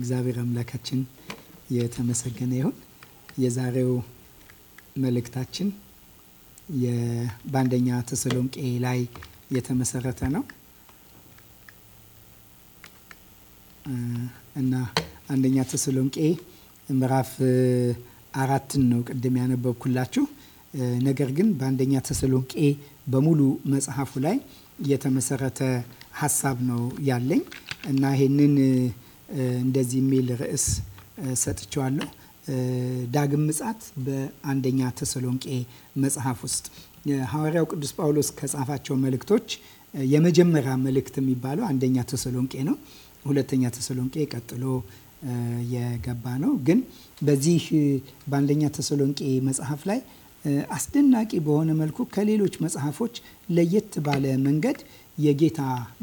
እግዚአብሔር አምላካችን የተመሰገነ ይሁን። የዛሬው መልእክታችን በአንደኛ ተሰሎንቄ ላይ የተመሰረተ ነው እና አንደኛ ተሰሎንቄ ምዕራፍ አራትን ነው ቅድም ያነበብኩላችሁ። ነገር ግን በአንደኛ ተሰሎንቄ በሙሉ መጽሐፉ ላይ የተመሰረተ ሀሳብ ነው ያለኝ እና ይሄንን እንደዚህ የሚል ርዕስ ሰጥቸዋለሁ። ዳግም ምጻት በአንደኛ ተሰሎንቄ መጽሐፍ ውስጥ ሐዋርያው ቅዱስ ጳውሎስ ከጻፋቸው መልእክቶች የመጀመሪያ መልእክት የሚባለው አንደኛ ተሰሎንቄ ነው። ሁለተኛ ተሰሎንቄ ቀጥሎ የገባ ነው። ግን በዚህ በአንደኛ ተሰሎንቄ መጽሐፍ ላይ አስደናቂ በሆነ መልኩ ከሌሎች መጽሐፎች ለየት ባለ መንገድ የጌታ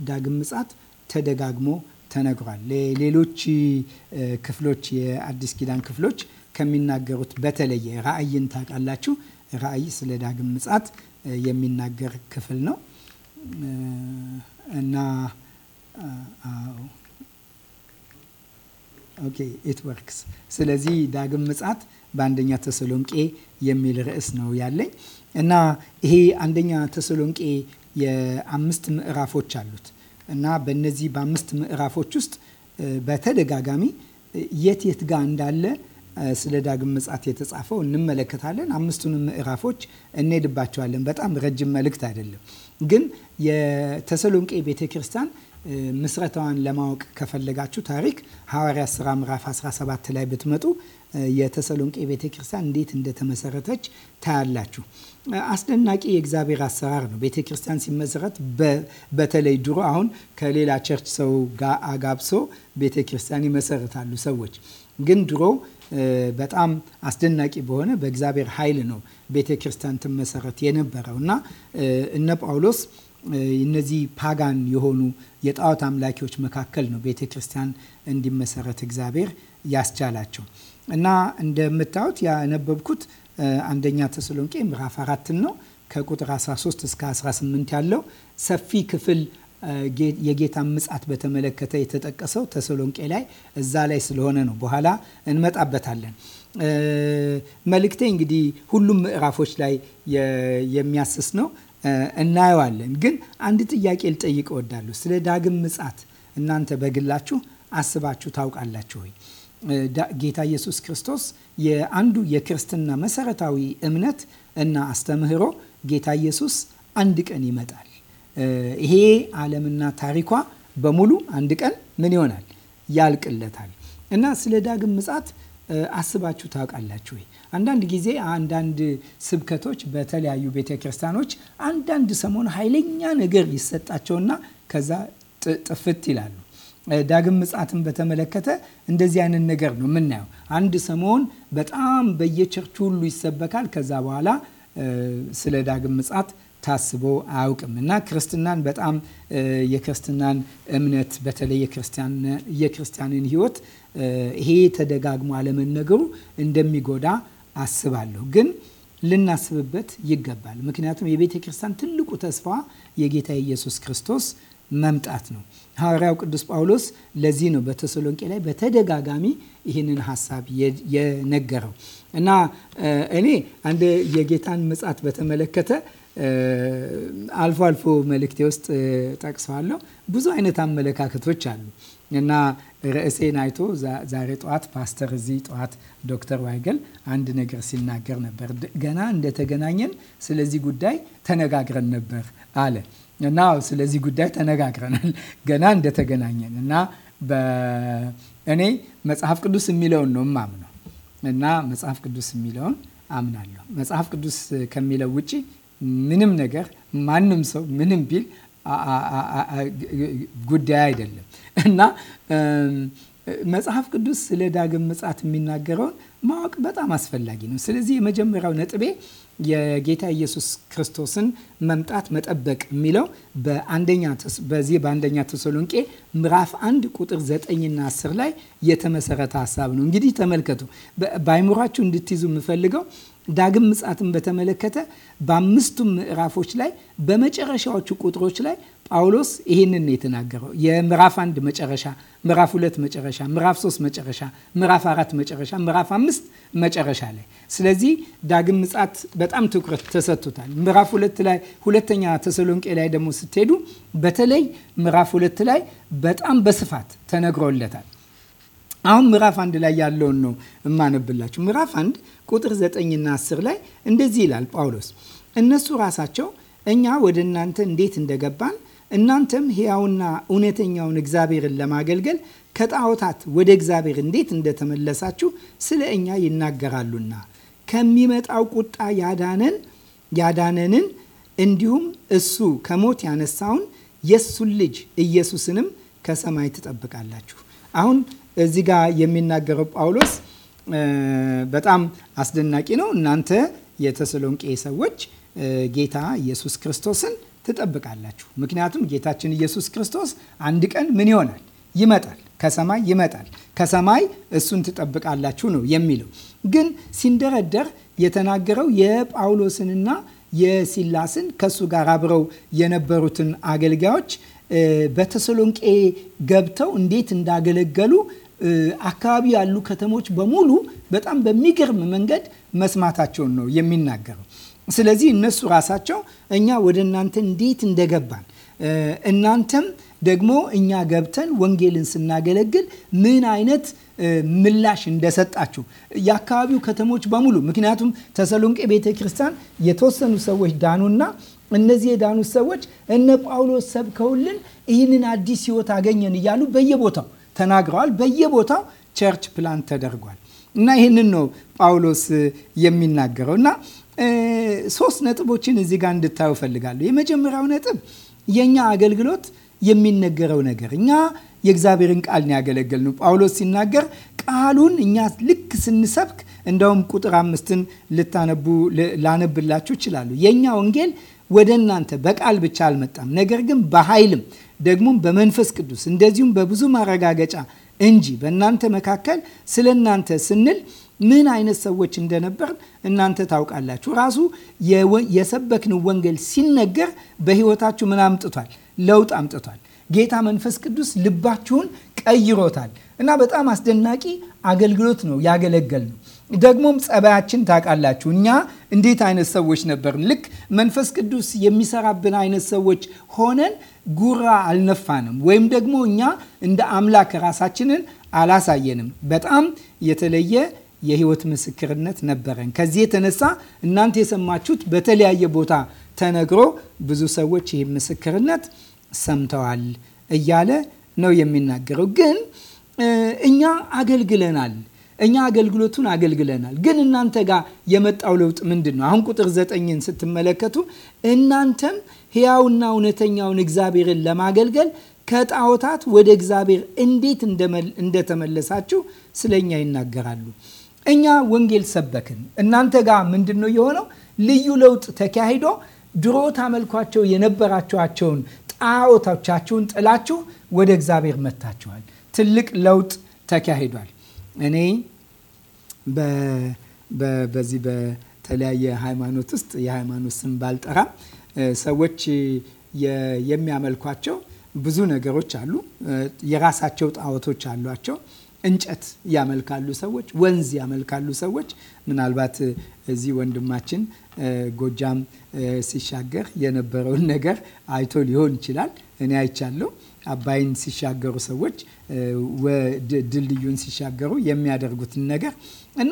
ዳግም ምጻት ተደጋግሞ ተነግሯል። ሌሎች ክፍሎች የአዲስ ኪዳን ክፍሎች ከሚናገሩት በተለየ ራእይን ታውቃላችሁ። ራእይ ስለ ዳግም ምጻት የሚናገር ክፍል ነው እና ኦኬ ኢት ወርክስ። ስለዚህ ዳግም ምጻት በአንደኛ ተሰሎንቄ የሚል ርዕስ ነው ያለኝ እና ይሄ አንደኛ ተሰሎንቄ የአምስት ምዕራፎች አሉት እና በእነዚህ በአምስት ምዕራፎች ውስጥ በተደጋጋሚ የት የት ጋር እንዳለ ስለ ዳግም ምጽአት የተጻፈው እንመለከታለን። አምስቱንም ምዕራፎች እንሄድባቸዋለን። በጣም ረጅም መልእክት አይደለም፣ ግን የተሰሎንቄ ቤተ ክርስቲያን ምስረታዋን ለማወቅ ከፈለጋችሁ ታሪክ ሐዋርያ ስራ ምዕራፍ 17 ላይ ብትመጡ የተሰሎንቄ ቤተ ክርስቲያን እንዴት እንደተመሰረተች ታያላችሁ። አስደናቂ የእግዚአብሔር አሰራር ነው። ቤተ ክርስቲያን ሲመሰረት በተለይ ድሮ፣ አሁን ከሌላ ቸርች ሰው ጋር አጋብሶ ቤተ ክርስቲያን ይመሰረታሉ ሰዎች። ግን ድሮ በጣም አስደናቂ በሆነ በእግዚአብሔር ኃይል ነው ቤተ ክርስቲያን ትመሰረት የነበረው እና እነ ጳውሎስ እነዚህ ፓጋን የሆኑ የጣዖት አምላኪዎች መካከል ነው ቤተ ክርስቲያን እንዲመሰረት እግዚአብሔር ያስቻላቸው እና እንደምታዩት ያነበብኩት አንደኛ ተሰሎንቄ ምዕራፍ አራትን ነው ከቁጥር 13 እስከ 18 ያለው ሰፊ ክፍል የጌታ ምጻት በተመለከተ የተጠቀሰው ተሰሎንቄ ላይ እዛ ላይ ስለሆነ ነው። በኋላ እንመጣበታለን። መልእክቴ እንግዲህ ሁሉም ምዕራፎች ላይ የሚያስስ ነው። እናየዋለን። ግን አንድ ጥያቄ ልጠይቅ እወዳለሁ። ስለ ዳግም ምጻት እናንተ በግላችሁ አስባችሁ ታውቃላችሁ ወይ? ጌታ ኢየሱስ ክርስቶስ የአንዱ የክርስትና መሰረታዊ እምነት እና አስተምህሮ ጌታ ኢየሱስ አንድ ቀን ይመጣል። ይሄ ዓለምና ታሪኳ በሙሉ አንድ ቀን ምን ይሆናል? ያልቅለታል። እና ስለ ዳግም ምጻት አስባችሁ ታውቃላችሁ ወይ? አንዳንድ ጊዜ አንዳንድ ስብከቶች በተለያዩ ቤተ ክርስቲያኖች አንዳንድ ሰሞን ኃይለኛ ነገር ይሰጣቸውና ከዛ ጥፍት ይላሉ። ዳግም ምጻትን በተመለከተ እንደዚህ አይነት ነገር ነው የምናየው። አንድ ሰሞን በጣም በየቸርቹ ሁሉ ይሰበካል። ከዛ በኋላ ስለ ዳግም ምጻት ታስቦ አያውቅም እና ክርስትናን በጣም የክርስትናን እምነት በተለይ የክርስቲያንን ሕይወት ይሄ ተደጋግሞ አለመነገሩ እንደሚጎዳ አስባለሁ። ግን ልናስብበት ይገባል። ምክንያቱም የቤተ ክርስቲያን ትልቁ ተስፋ የጌታ ኢየሱስ ክርስቶስ መምጣት ነው። ሐዋርያው ቅዱስ ጳውሎስ ለዚህ ነው በተሰሎንቄ ላይ በተደጋጋሚ ይህንን ሀሳብ የነገረው እና እኔ አንድ የጌታን ምጻት በተመለከተ አልፎ አልፎ መልእክቴ ውስጥ ጠቅሰዋለሁ። ብዙ አይነት አመለካከቶች አሉ። እና ርዕሴን አይቶ ዛሬ ጠዋት ፓስተር እዚህ ጠዋት ዶክተር ዋይገል አንድ ነገር ሲናገር ነበር። ገና እንደተገናኘን ስለዚህ ጉዳይ ተነጋግረን ነበር አለ እና ስለዚህ ጉዳይ ተነጋግረናል ገና እንደተገናኘን እና እኔ መጽሐፍ ቅዱስ የሚለውን ነው የማምነው እና መጽሐፍ ቅዱስ የሚለውን አምናለሁ። መጽሐፍ ቅዱስ ከሚለው ውጭ ምንም ነገር ማንም ሰው ምንም ቢል ጉዳይ አይደለም እና መጽሐፍ ቅዱስ ስለ ዳግም ምጽአት የሚናገረውን ማወቅ በጣም አስፈላጊ ነው። ስለዚህ የመጀመሪያው ነጥቤ የጌታ ኢየሱስ ክርስቶስን መምጣት መጠበቅ የሚለው በዚህ በአንደኛ ተሰሎንቄ ምዕራፍ አንድ ቁጥር ዘጠኝና አስር ላይ የተመሰረተ ሀሳብ ነው። እንግዲህ ተመልከቱ። በአይምሯችሁ እንድትይዙ የምፈልገው ዳግም ምጻትን በተመለከተ በአምስቱም ምዕራፎች ላይ በመጨረሻዎቹ ቁጥሮች ላይ ጳውሎስ ይህንን የተናገረው የምዕራፍ አንድ መጨረሻ፣ ምዕራፍ ሁለት መጨረሻ፣ ምዕራፍ ሶስት መጨረሻ፣ ምዕራፍ አራት መጨረሻ፣ ምዕራፍ አምስት መጨረሻ ላይ ስለዚህ ዳግም በ በጣም ትኩረት ተሰጥቶታል። ምዕራፍ ሁለት ላይ ሁለተኛ ተሰሎንቄ ላይ ደግሞ ስትሄዱ በተለይ ምዕራፍ ሁለት ላይ በጣም በስፋት ተነግሮለታል። አሁን ምዕራፍ አንድ ላይ ያለውን ነው እማነብላችሁ። ምዕራፍ አንድ ቁጥር ዘጠኝና አስር ላይ እንደዚህ ይላል ጳውሎስ እነሱ ራሳቸው እኛ ወደ እናንተ እንዴት እንደገባን እናንተም ሕያውና እውነተኛውን እግዚአብሔርን ለማገልገል ከጣዖታት ወደ እግዚአብሔር እንዴት እንደተመለሳችሁ ስለ እኛ ይናገራሉና ከሚመጣው ቁጣ ያዳነን ያዳነንን እንዲሁም እሱ ከሞት ያነሳውን የእሱን ልጅ ኢየሱስንም ከሰማይ ትጠብቃላችሁ። አሁን እዚህ ጋር የሚናገረው ጳውሎስ በጣም አስደናቂ ነው። እናንተ የተሰሎንቄ ሰዎች ጌታ ኢየሱስ ክርስቶስን ትጠብቃላችሁ። ምክንያቱም ጌታችን ኢየሱስ ክርስቶስ አንድ ቀን ምን ይሆናል? ይመጣል፣ ከሰማይ ይመጣል። ከሰማይ እሱን ትጠብቃላችሁ ነው የሚለው ግን ሲንደረደር የተናገረው የጳውሎስንና የሲላስን ከሱ ጋር አብረው የነበሩትን አገልጋዮች በተሰሎንቄ ገብተው እንዴት እንዳገለገሉ አካባቢ ያሉ ከተሞች በሙሉ በጣም በሚገርም መንገድ መስማታቸውን ነው የሚናገረው። ስለዚህ እነሱ ራሳቸው እኛ ወደ እናንተ እንዴት እንደገባን እናንተም ደግሞ እኛ ገብተን ወንጌልን ስናገለግል ምን አይነት ምላሽ እንደሰጣችሁ የአካባቢው ከተሞች በሙሉ ምክንያቱም ተሰሎንቄ ቤተ ክርስቲያን የተወሰኑ ሰዎች ዳኑና እነዚህ የዳኑ ሰዎች እነ ጳውሎስ ሰብከውልን ይህንን አዲስ ህይወት አገኘን እያሉ በየቦታው ተናግረዋል። በየቦታው ቸርች ፕላን ተደርጓል እና ይህንን ነው ጳውሎስ የሚናገረው እና ሶስት ነጥቦችን እዚህ ጋር እንድታዩ እፈልጋለሁ። የመጀመሪያው ነጥብ የእኛ አገልግሎት የሚነገረው ነገር እኛ የእግዚአብሔርን ቃል ነው ያገለገል ነው። ጳውሎስ ሲናገር ቃሉን እኛ ልክ ስንሰብክ እንደውም ቁጥር አምስትን ልታነቡ ላነብላችሁ ይችላሉ። የእኛ ወንጌል ወደ እናንተ በቃል ብቻ አልመጣም፣ ነገር ግን በኃይልም ደግሞም በመንፈስ ቅዱስ እንደዚሁም በብዙ ማረጋገጫ እንጂ በእናንተ መካከል ስለ እናንተ ስንል ምን አይነት ሰዎች እንደነበር እናንተ ታውቃላችሁ። ራሱ የሰበክን ወንጌል ሲነገር በህይወታችሁ ምን አምጥቷል? ለውጥ አምጥቷል። ጌታ መንፈስ ቅዱስ ልባችሁን ቀይሮታል እና በጣም አስደናቂ አገልግሎት ነው ያገለገል ነው። ደግሞም ጸባያችን ታውቃላችሁ። እኛ እንዴት አይነት ሰዎች ነበርን? ልክ መንፈስ ቅዱስ የሚሰራብን አይነት ሰዎች ሆነን ጉራ አልነፋንም፣ ወይም ደግሞ እኛ እንደ አምላክ ራሳችንን አላሳየንም። በጣም የተለየ የህይወት ምስክርነት ነበረን። ከዚህ የተነሳ እናንተ የሰማችሁት በተለያየ ቦታ ተነግሮ ብዙ ሰዎች ይህ ምስክርነት ሰምተዋል እያለ ነው የሚናገረው። ግን እኛ አገልግለናል እኛ አገልግሎቱን አገልግለናል። ግን እናንተ ጋር የመጣው ለውጥ ምንድን ነው? አሁን ቁጥር ዘጠኝን ስትመለከቱ እናንተም ሕያውና እውነተኛውን እግዚአብሔርን ለማገልገል ከጣዖታት ወደ እግዚአብሔር እንዴት እንደተመለሳችሁ ስለ እኛ ይናገራሉ። እኛ ወንጌል ሰበክን። እናንተ ጋር ምንድን ነው የሆነው? ልዩ ለውጥ ተካሂዶ ድሮ ታመልኳቸው የነበራችኋቸውን ጣዖቶቻችሁን ጥላችሁ ወደ እግዚአብሔር መጥታችኋል። ትልቅ ለውጥ ተካሂዷል። እኔ በዚህ በተለያየ ሃይማኖት ውስጥ የሃይማኖት ስም ባልጠራ ሰዎች የሚያመልኳቸው ብዙ ነገሮች አሉ። የራሳቸው ጣዖቶች አሏቸው። እንጨት ያመልካሉ ሰዎች፣ ወንዝ ያመልካሉ ሰዎች። ምናልባት እዚህ ወንድማችን ጎጃም ሲሻገር የነበረውን ነገር አይቶ ሊሆን ይችላል። እኔ አይቻለሁ። አባይን ሲሻገሩ ሰዎች ድልድዩን ሲሻገሩ የሚያደርጉትን ነገር እና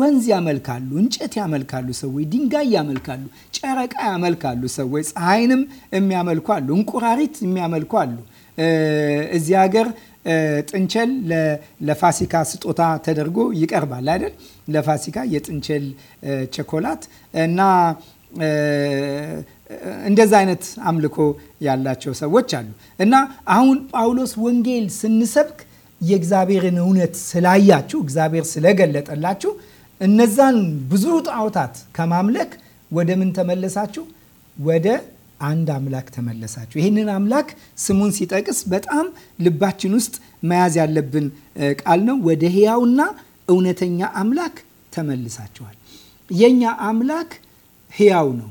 ወንዝ ያመልካሉ፣ እንጨት ያመልካሉ ሰዎች፣ ድንጋይ ያመልካሉ፣ ጨረቃ ያመልካሉ ሰዎች፣ ፀሐይንም የሚያመልኩ አሉ፣ እንቁራሪት የሚያመልኩ አሉ። እዚህ ሀገር ጥንቸል ለፋሲካ ስጦታ ተደርጎ ይቀርባል አይደል? ለፋሲካ የጥንቸል ቸኮላት እና እንደዛ አይነት አምልኮ ያላቸው ሰዎች አሉ እና አሁን ጳውሎስ ወንጌል ስንሰብክ የእግዚአብሔርን እውነት ስላያችሁ እግዚአብሔር ስለገለጠላችሁ እነዛን ብዙ ጣዖታት ከማምለክ ወደ ምን ተመለሳችሁ? ወደ አንድ አምላክ ተመለሳችሁ። ይህንን አምላክ ስሙን ሲጠቅስ በጣም ልባችን ውስጥ መያዝ ያለብን ቃል ነው። ወደ ሕያውና እውነተኛ አምላክ ተመልሳችኋል። የእኛ አምላክ ሕያው ነው።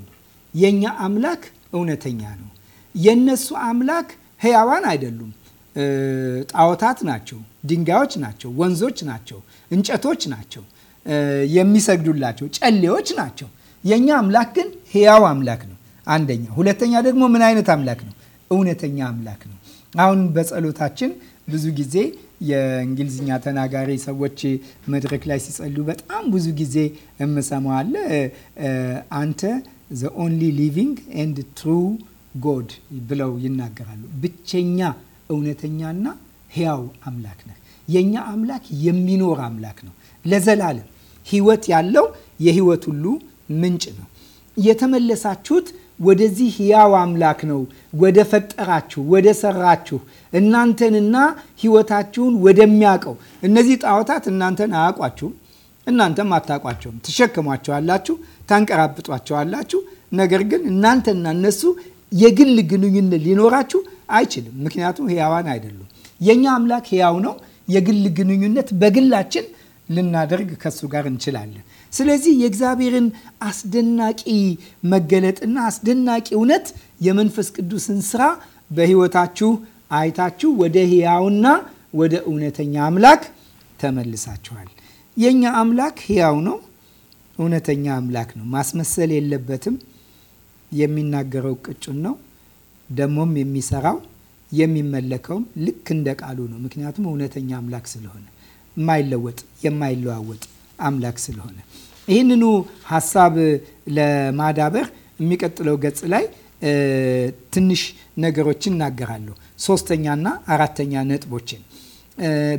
የእኛ አምላክ እውነተኛ ነው። የእነሱ አምላክ ሕያዋን አይደሉም። ጣዖታት ናቸው፣ ድንጋዮች ናቸው፣ ወንዞች ናቸው፣ እንጨቶች ናቸው የሚሰግዱላቸው፣ ጨሌዎች ናቸው። የእኛ አምላክ ግን ሕያው አምላክ ነው። አንደኛ። ሁለተኛ ደግሞ ምን አይነት አምላክ ነው? እውነተኛ አምላክ ነው። አሁን በጸሎታችን ብዙ ጊዜ የእንግሊዝኛ ተናጋሪ ሰዎች መድረክ ላይ ሲጸሉ በጣም ብዙ ጊዜ የምሰማው አለ። አንተ ዘ ኦንሊ ሊቪንግ ኤንድ ትሩ ጎድ ብለው ይናገራሉ። ብቸኛ እውነተኛና ህያው አምላክ ነህ። የእኛ አምላክ የሚኖር አምላክ ነው። ለዘላለም ህይወት ያለው የህይወት ሁሉ ምንጭ ነው። የተመለሳችሁት ወደዚህ ሕያው አምላክ ነው ወደ ፈጠራችሁ ወደ ሰራችሁ እናንተንና ሕይወታችሁን ወደሚያውቀው እነዚህ ጣዖታት እናንተን አያውቋችሁም፣ እናንተም አታውቋቸውም። ትሸክሟቸዋላችሁ፣ ታንቀራብጧቸዋላችሁ። ነገር ግን እናንተና እነሱ የግል ግንኙነት ሊኖራችሁ አይችልም፣ ምክንያቱም ሕያዋን አይደሉም። የእኛ አምላክ ሕያው ነው። የግል ግንኙነት በግላችን ልናደርግ ከሱ ጋር እንችላለን። ስለዚህ የእግዚአብሔርን አስደናቂ መገለጥና አስደናቂ እውነት የመንፈስ ቅዱስን ስራ በህይወታችሁ አይታችሁ ወደ ህያውና ወደ እውነተኛ አምላክ ተመልሳችኋል። የእኛ አምላክ ህያው ነው። እውነተኛ አምላክ ነው። ማስመሰል የለበትም። የሚናገረው ቅጭን ነው። ደግሞም የሚሰራው የሚመለከውም ልክ እንደ ቃሉ ነው። ምክንያቱም እውነተኛ አምላክ ስለሆነ የማይለወጥ የማይለዋወጥ አምላክ ስለሆነ ይህንኑ ሀሳብ ለማዳበር የሚቀጥለው ገጽ ላይ ትንሽ ነገሮችን እናገራለሁ። ሶስተኛና አራተኛ ነጥቦችን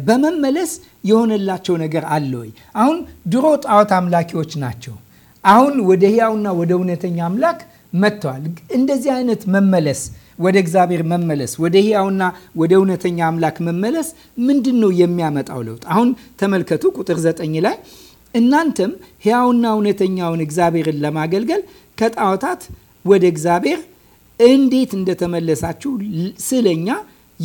በመመለስ የሆነላቸው ነገር አለ ወይ? አሁን ድሮ ጣዖት አምላኪዎች ናቸው። አሁን ወደ ሕያውና ወደ እውነተኛ አምላክ መጥተዋል። እንደዚህ አይነት መመለስ ወደ እግዚአብሔር መመለስ ወደ ሕያውና ወደ እውነተኛ አምላክ መመለስ ምንድን ነው የሚያመጣው ለውጥ? አሁን ተመልከቱ ቁጥር ዘጠኝ ላይ እናንተም ሕያውና እውነተኛውን እግዚአብሔርን ለማገልገል ከጣዖታት ወደ እግዚአብሔር እንዴት እንደተመለሳችሁ ስለኛ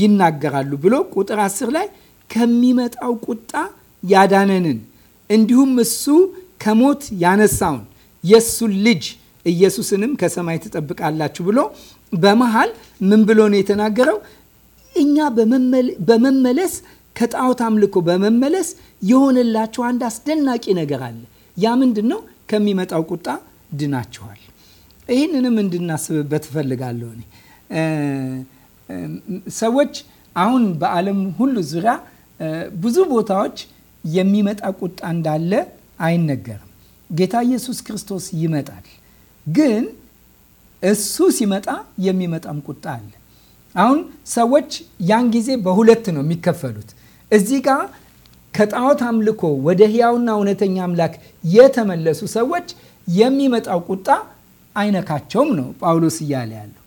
ይናገራሉ ብሎ ቁጥር አስር ላይ ከሚመጣው ቁጣ ያዳነንን እንዲሁም እሱ ከሞት ያነሳውን የእሱን ልጅ ኢየሱስንም ከሰማይ ትጠብቃላችሁ ብሎ በመሃል ምን ብሎ ነው የተናገረው? እኛ በመመለስ ከጣዖት አምልኮ በመመለስ የሆነላቸው አንድ አስደናቂ ነገር አለ። ያ ምንድን ነው? ከሚመጣው ቁጣ ድናችኋል። ይህንንም እንድናስብበት እፈልጋለሁ። እኔ ሰዎች አሁን በዓለም ሁሉ ዙሪያ ብዙ ቦታዎች የሚመጣ ቁጣ እንዳለ አይነገርም። ጌታ ኢየሱስ ክርስቶስ ይመጣል፣ ግን እሱ ሲመጣ የሚመጣም ቁጣ አለ። አሁን ሰዎች ያን ጊዜ በሁለት ነው የሚከፈሉት። እዚህ ጋር ከጣዖት አምልኮ ወደ ህያውና እውነተኛ አምላክ የተመለሱ ሰዎች የሚመጣው ቁጣ አይነካቸውም ነው ጳውሎስ እያለ ያለው።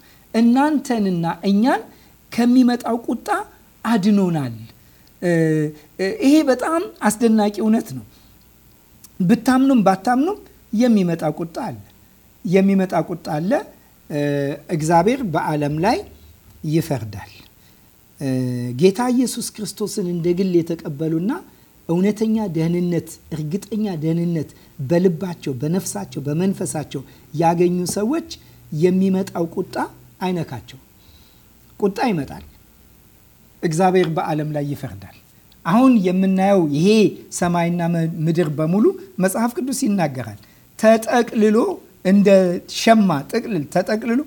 እናንተንና እኛን ከሚመጣው ቁጣ አድኖናል። ይሄ በጣም አስደናቂ እውነት ነው። ብታምኑም ባታምኑም የሚመጣ ቁጣ አለ፣ የሚመጣ ቁጣ አለ። እግዚአብሔር በዓለም ላይ ይፈርዳል። ጌታ ኢየሱስ ክርስቶስን እንደ ግል የተቀበሉና እውነተኛ ደህንነት፣ እርግጠኛ ደህንነት በልባቸው፣ በነፍሳቸው፣ በመንፈሳቸው ያገኙ ሰዎች የሚመጣው ቁጣ አይነካቸው። ቁጣ ይመጣል። እግዚአብሔር በዓለም ላይ ይፈርዳል። አሁን የምናየው ይሄ ሰማይና ምድር በሙሉ መጽሐፍ ቅዱስ ይናገራል፣ ተጠቅልሎ እንደ ሸማ ጥቅልል ተጠቅልሎ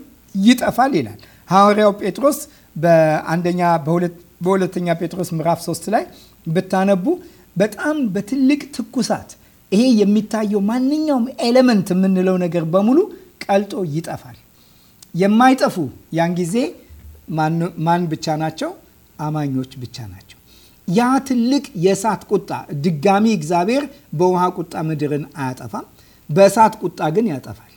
ይጠፋል ይላል። ሐዋርያው ጴጥሮስ በአንደኛ በሁለተኛ ጴጥሮስ ምዕራፍ 3 ላይ ብታነቡ በጣም በትልቅ ትኩሳት ይሄ የሚታየው ማንኛውም ኤሌመንት የምንለው ነገር በሙሉ ቀልጦ ይጠፋል። የማይጠፉ ያን ጊዜ ማን ብቻ ናቸው? አማኞች ብቻ ናቸው። ያ ትልቅ የእሳት ቁጣ ድጋሚ እግዚአብሔር በውሃ ቁጣ ምድርን አያጠፋም፣ በእሳት ቁጣ ግን ያጠፋል።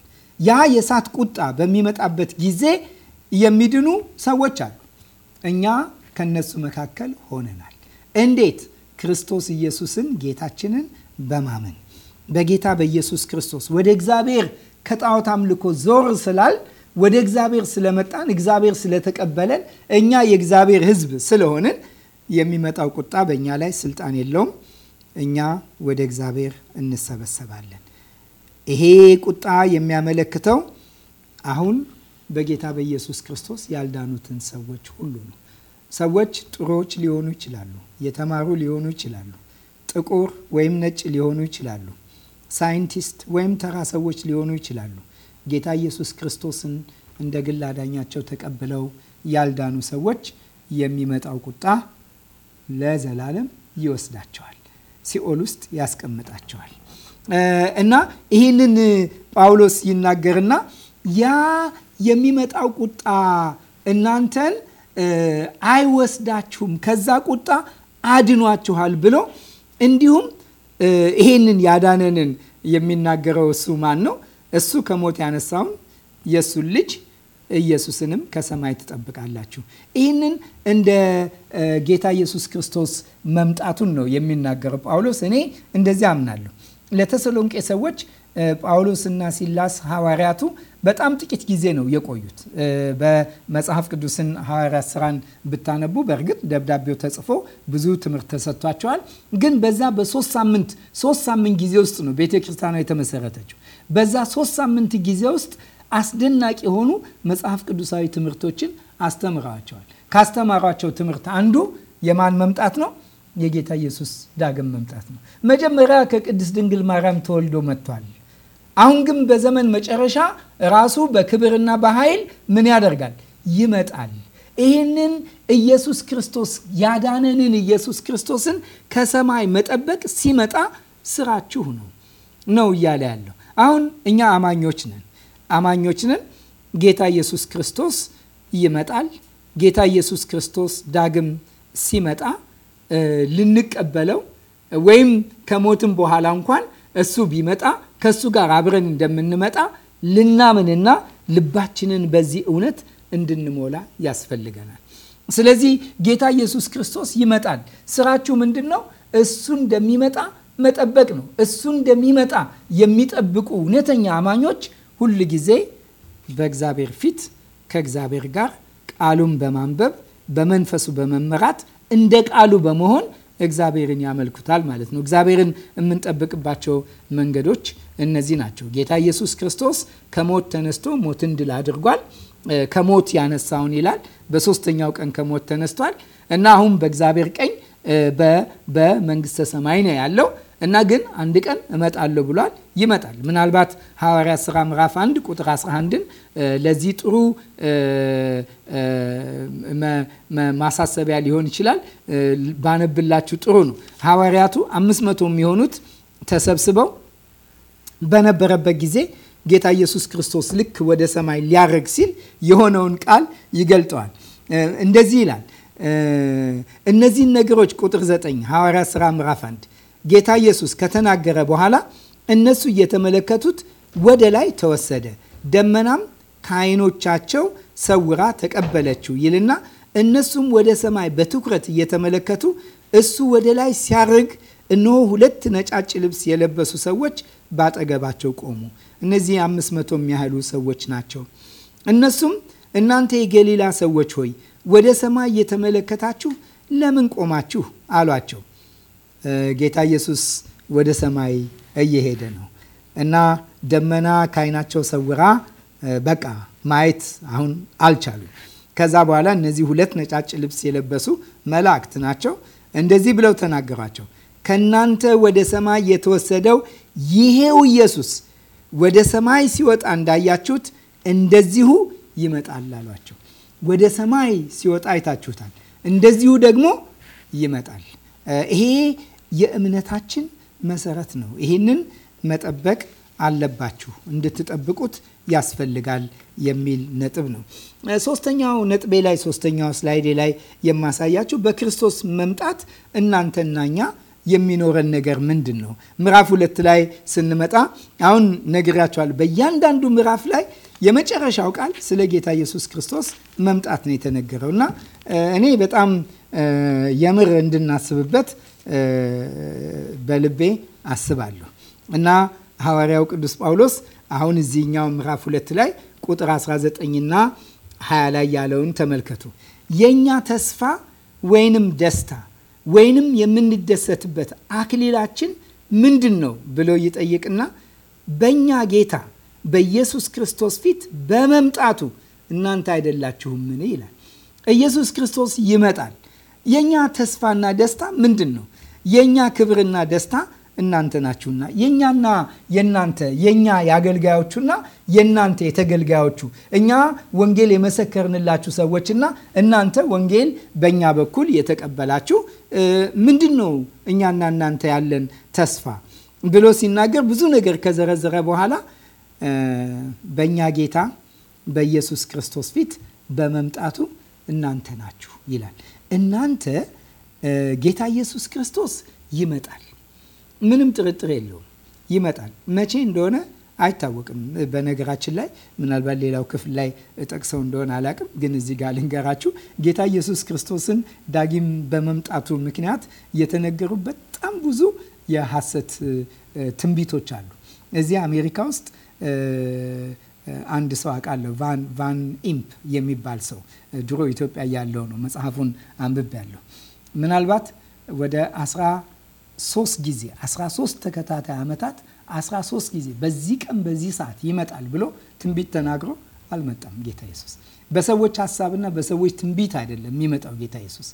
ያ የእሳት ቁጣ በሚመጣበት ጊዜ የሚድኑ ሰዎች አሉ። እኛ ከነሱ መካከል ሆነናል። እንዴት? ክርስቶስ ኢየሱስን ጌታችንን በማመን በጌታ በኢየሱስ ክርስቶስ ወደ እግዚአብሔር ከጣዖት አምልኮ ዞር ስላል ወደ እግዚአብሔር ስለመጣን እግዚአብሔር ስለተቀበለን እኛ የእግዚአብሔር ሕዝብ ስለሆንን የሚመጣው ቁጣ በእኛ ላይ ስልጣን የለውም። እኛ ወደ እግዚአብሔር እንሰበሰባለን። ይሄ ቁጣ የሚያመለክተው አሁን በጌታ በኢየሱስ ክርስቶስ ያልዳኑትን ሰዎች ሁሉ ነው። ሰዎች ጥሩዎች ሊሆኑ ይችላሉ፣ የተማሩ ሊሆኑ ይችላሉ፣ ጥቁር ወይም ነጭ ሊሆኑ ይችላሉ፣ ሳይንቲስት ወይም ተራ ሰዎች ሊሆኑ ይችላሉ። ጌታ ኢየሱስ ክርስቶስን እንደ ግል አዳኛቸው ተቀብለው ያልዳኑ ሰዎች የሚመጣው ቁጣ ለዘላለም ይወስዳቸዋል፣ ሲኦል ውስጥ ያስቀምጣቸዋል። እና ይህንን ጳውሎስ ይናገርና ያ የሚመጣው ቁጣ እናንተን አይወስዳችሁም፣ ከዛ ቁጣ አድኗችኋል ብሎ እንዲሁም ይሄንን ያዳነንን የሚናገረው እሱ ማን ነው? እሱ ከሞት ያነሳውን የእሱን ልጅ ኢየሱስንም ከሰማይ ትጠብቃላችሁ። ይህንን እንደ ጌታ ኢየሱስ ክርስቶስ መምጣቱን ነው የሚናገረው ጳውሎስ። እኔ እንደዚያ አምናለሁ። ለተሰሎንቄ ሰዎች ጳውሎስና ሲላስ ሐዋርያቱ በጣም ጥቂት ጊዜ ነው የቆዩት። በመጽሐፍ ቅዱስን ሐዋርያት ስራን ብታነቡ በእርግጥ ደብዳቤው ተጽፎ ብዙ ትምህርት ተሰጥቷቸዋል። ግን በዛ በሶስት ሳምንት ሶስት ሳምንት ጊዜ ውስጥ ነው ቤተ ክርስቲያኗ የተመሰረተችው። በዛ ሶስት ሳምንት ጊዜ ውስጥ አስደናቂ የሆኑ መጽሐፍ ቅዱሳዊ ትምህርቶችን አስተምረዋቸዋል። ካስተማሯቸው ትምህርት አንዱ የማን መምጣት ነው? የጌታ ኢየሱስ ዳግም መምጣት ነው። መጀመሪያ ከቅድስት ድንግል ማርያም ተወልዶ መጥቷል። አሁን ግን በዘመን መጨረሻ ራሱ በክብርና በኃይል ምን ያደርጋል? ይመጣል። ይህንን ኢየሱስ ክርስቶስ ያዳነንን ኢየሱስ ክርስቶስን ከሰማይ መጠበቅ ሲመጣ ስራችሁ ነው ነው እያለ ያለው አሁን እኛ አማኞች ነን አማኞች ነን። ጌታ ኢየሱስ ክርስቶስ ይመጣል። ጌታ ኢየሱስ ክርስቶስ ዳግም ሲመጣ ልንቀበለው ወይም ከሞትም በኋላ እንኳን እሱ ቢመጣ ከእሱ ጋር አብረን እንደምንመጣ ልናምንና ልባችንን በዚህ እውነት እንድንሞላ ያስፈልገናል። ስለዚህ ጌታ ኢየሱስ ክርስቶስ ይመጣል። ስራችሁ ምንድን ነው? እሱ እንደሚመጣ መጠበቅ ነው። እሱ እንደሚመጣ የሚጠብቁ እውነተኛ አማኞች ሁል ጊዜ በእግዚአብሔር ፊት ከእግዚአብሔር ጋር ቃሉን በማንበብ በመንፈሱ በመመራት እንደ ቃሉ በመሆን እግዚአብሔርን ያመልኩታል ማለት ነው። እግዚአብሔርን የምንጠብቅባቸው መንገዶች እነዚህ ናቸው። ጌታ ኢየሱስ ክርስቶስ ከሞት ተነስቶ ሞትን ድል አድርጓል። ከሞት ያነሳውን ይላል። በሶስተኛው ቀን ከሞት ተነስቷል እና አሁን በእግዚአብሔር ቀኝ በመንግስተ ሰማይ ነው ያለው። እና ግን አንድ ቀን እመጣለሁ ብሏል። ይመጣል። ምናልባት ሐዋርያ ሥራ ምዕራፍ 1 ቁጥር 11ን ለዚህ ጥሩ ማሳሰቢያ ሊሆን ይችላል ባነብላችሁ ጥሩ ነው። ሐዋርያቱ 500 የሚሆኑት ተሰብስበው በነበረበት ጊዜ ጌታ ኢየሱስ ክርስቶስ ልክ ወደ ሰማይ ሊያረግ ሲል የሆነውን ቃል ይገልጠዋል። እንደዚህ ይላል። እነዚህን ነገሮች ቁጥር 9 ሐዋርያ ሥራ ምዕራፍ 1 ጌታ ኢየሱስ ከተናገረ በኋላ እነሱ እየተመለከቱት ወደ ላይ ተወሰደ፣ ደመናም ከዓይኖቻቸው ሰውራ ተቀበለችው ይልና እነሱም ወደ ሰማይ በትኩረት እየተመለከቱ እሱ ወደ ላይ ሲያርግ እነሆ ሁለት ነጫጭ ልብስ የለበሱ ሰዎች ባጠገባቸው ቆሙ። እነዚህ አምስት መቶ የሚያህሉ ሰዎች ናቸው። እነሱም እናንተ የገሊላ ሰዎች ሆይ ወደ ሰማይ እየተመለከታችሁ ለምን ቆማችሁ? አሏቸው። ጌታ ኢየሱስ ወደ ሰማይ እየሄደ ነው እና ደመና ከዓይናቸው ሰውራ በቃ ማየት አሁን አልቻሉ። ከዛ በኋላ እነዚህ ሁለት ነጫጭ ልብስ የለበሱ መላእክት ናቸው። እንደዚህ ብለው ተናገሯቸው። ከእናንተ ወደ ሰማይ የተወሰደው ይሄው ኢየሱስ ወደ ሰማይ ሲወጣ እንዳያችሁት እንደዚሁ ይመጣል አሏቸው። ወደ ሰማይ ሲወጣ አይታችሁታል፣ እንደዚሁ ደግሞ ይመጣል። ይሄ የእምነታችን መሰረት ነው። ይህንን መጠበቅ አለባችሁ፣ እንድትጠብቁት ያስፈልጋል የሚል ነጥብ ነው። ሶስተኛው ነጥቤ ላይ ሶስተኛው ስላይዴ ላይ የማሳያችሁ በክርስቶስ መምጣት እናንተና እኛ የሚኖረን ነገር ምንድን ነው? ምዕራፍ ሁለት ላይ ስንመጣ አሁን ነግራችኋል። በእያንዳንዱ ምዕራፍ ላይ የመጨረሻው ቃል ስለ ጌታ ኢየሱስ ክርስቶስ መምጣት ነው የተነገረው እና እኔ በጣም የምር እንድናስብበት በልቤ አስባለሁ እና ሐዋርያው ቅዱስ ጳውሎስ አሁን እዚህኛው ምዕራፍ ሁለት ላይ ቁጥር 19ና 20 ላይ ያለውን ተመልከቱ። የእኛ ተስፋ ወይንም ደስታ ወይንም የምንደሰትበት አክሊላችን ምንድን ነው ብሎ ይጠይቅና በእኛ ጌታ በኢየሱስ ክርስቶስ ፊት በመምጣቱ እናንተ አይደላችሁምን ይላል። ኢየሱስ ክርስቶስ ይመጣል። የእኛ ተስፋና ደስታ ምንድን ነው? የእኛ ክብርና ደስታ እናንተ ናችሁና የእኛና የእናንተ የእኛ የአገልጋዮቹና የእናንተ የተገልጋዮቹ እኛ ወንጌል የመሰከርንላችሁ ሰዎችና እናንተ ወንጌል በእኛ በኩል የተቀበላችሁ ምንድን ነው እኛና እናንተ ያለን ተስፋ ብሎ ሲናገር ብዙ ነገር ከዘረዘረ በኋላ በእኛ ጌታ በኢየሱስ ክርስቶስ ፊት በመምጣቱ እናንተ ናችሁ ይላል። እናንተ ጌታ ኢየሱስ ክርስቶስ ይመጣል። ምንም ጥርጥር የለውም። ይመጣል። መቼ እንደሆነ አይታወቅም። በነገራችን ላይ ምናልባት ሌላው ክፍል ላይ ጠቅሰው እንደሆነ አላቅም፣ ግን እዚህ ጋር ልንገራችሁ። ጌታ ኢየሱስ ክርስቶስን ዳግም በመምጣቱ ምክንያት የተነገሩ በጣም ብዙ የሐሰት ትንቢቶች አሉ። እዚህ አሜሪካ ውስጥ አንድ ሰው አውቃለሁ፣ ቫን ኢምፕ የሚባል ሰው ድሮ ኢትዮጵያ ያለው ነው። መጽሐፉን አንብቤያለሁ። ምናልባት ወደ 13 ጊዜ 13 ተከታታይ ዓመታት 13 ጊዜ በዚህ ቀን በዚህ ሰዓት ይመጣል ብሎ ትንቢት ተናግሮ አልመጣም ጌታ ኢየሱስ። በሰዎች ሀሳብና በሰዎች ትንቢት አይደለም የሚመጣው ጌታ ኢየሱስ።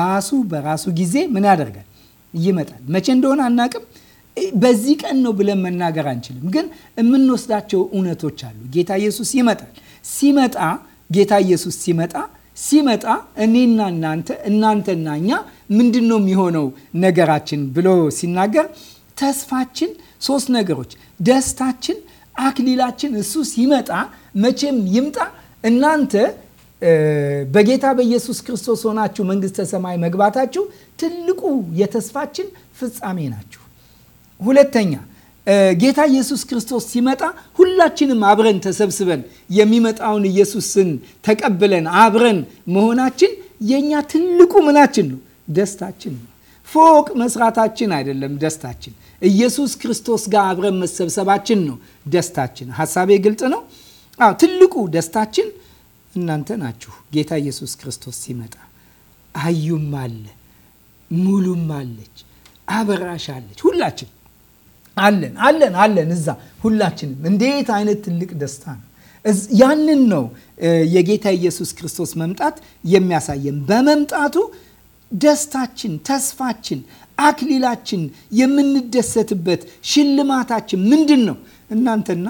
ራሱ በራሱ ጊዜ ምን ያደርጋል? ይመጣል። መቼ እንደሆነ አናቅም። በዚህ ቀን ነው ብለን መናገር አንችልም። ግን የምንወስዳቸው እውነቶች አሉ። ጌታ ኢየሱስ ይመጣል። ሲመጣ ጌታ ኢየሱስ ሲመጣ ሲመጣ እኔና እናንተ እናንተና እኛ ምንድን ነው የሚሆነው ነገራችን ብሎ ሲናገር ተስፋችን ሶስት ነገሮች ደስታችን፣ አክሊላችን እሱ ሲመጣ መቼም ይምጣ እናንተ በጌታ በኢየሱስ ክርስቶስ ሆናችሁ መንግስተ ሰማይ መግባታችሁ ትልቁ የተስፋችን ፍጻሜ ናችሁ። ሁለተኛ ጌታ ኢየሱስ ክርስቶስ ሲመጣ ሁላችንም አብረን ተሰብስበን የሚመጣውን ኢየሱስን ተቀብለን አብረን መሆናችን የእኛ ትልቁ ምናችን ነው፣ ደስታችን ነው። ፎቅ መስራታችን አይደለም ደስታችን፣ ኢየሱስ ክርስቶስ ጋር አብረን መሰብሰባችን ነው ደስታችን። ሀሳቤ ግልጽ ነው? አዎ ትልቁ ደስታችን እናንተ ናችሁ። ጌታ ኢየሱስ ክርስቶስ ሲመጣ አዩም አለ፣ ሙሉም አለች፣ አበራሽ አለች ሁላችን አለን አለን አለን እዛ ሁላችንም። እንዴት አይነት ትልቅ ደስታ ነው! ያንን ነው የጌታ ኢየሱስ ክርስቶስ መምጣት የሚያሳየን። በመምጣቱ ደስታችን፣ ተስፋችን፣ አክሊላችን፣ የምንደሰትበት ሽልማታችን ምንድን ነው? እናንተና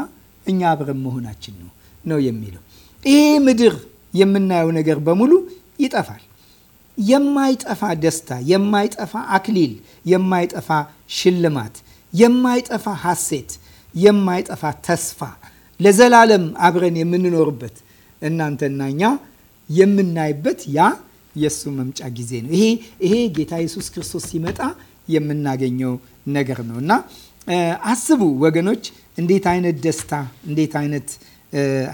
እኛ አብረን መሆናችን ነው ነው የሚለው ይሄ ምድር የምናየው ነገር በሙሉ ይጠፋል። የማይጠፋ ደስታ፣ የማይጠፋ አክሊል፣ የማይጠፋ ሽልማት የማይጠፋ ሐሴት፣ የማይጠፋ ተስፋ ለዘላለም አብረን የምንኖርበት እናንተና እኛ የምናይበት ያ የእሱ መምጫ ጊዜ ነው። ይሄ ይሄ ጌታ ኢየሱስ ክርስቶስ ሲመጣ የምናገኘው ነገር ነው እና አስቡ ወገኖች፣ እንዴት አይነት ደስታ፣ እንዴት አይነት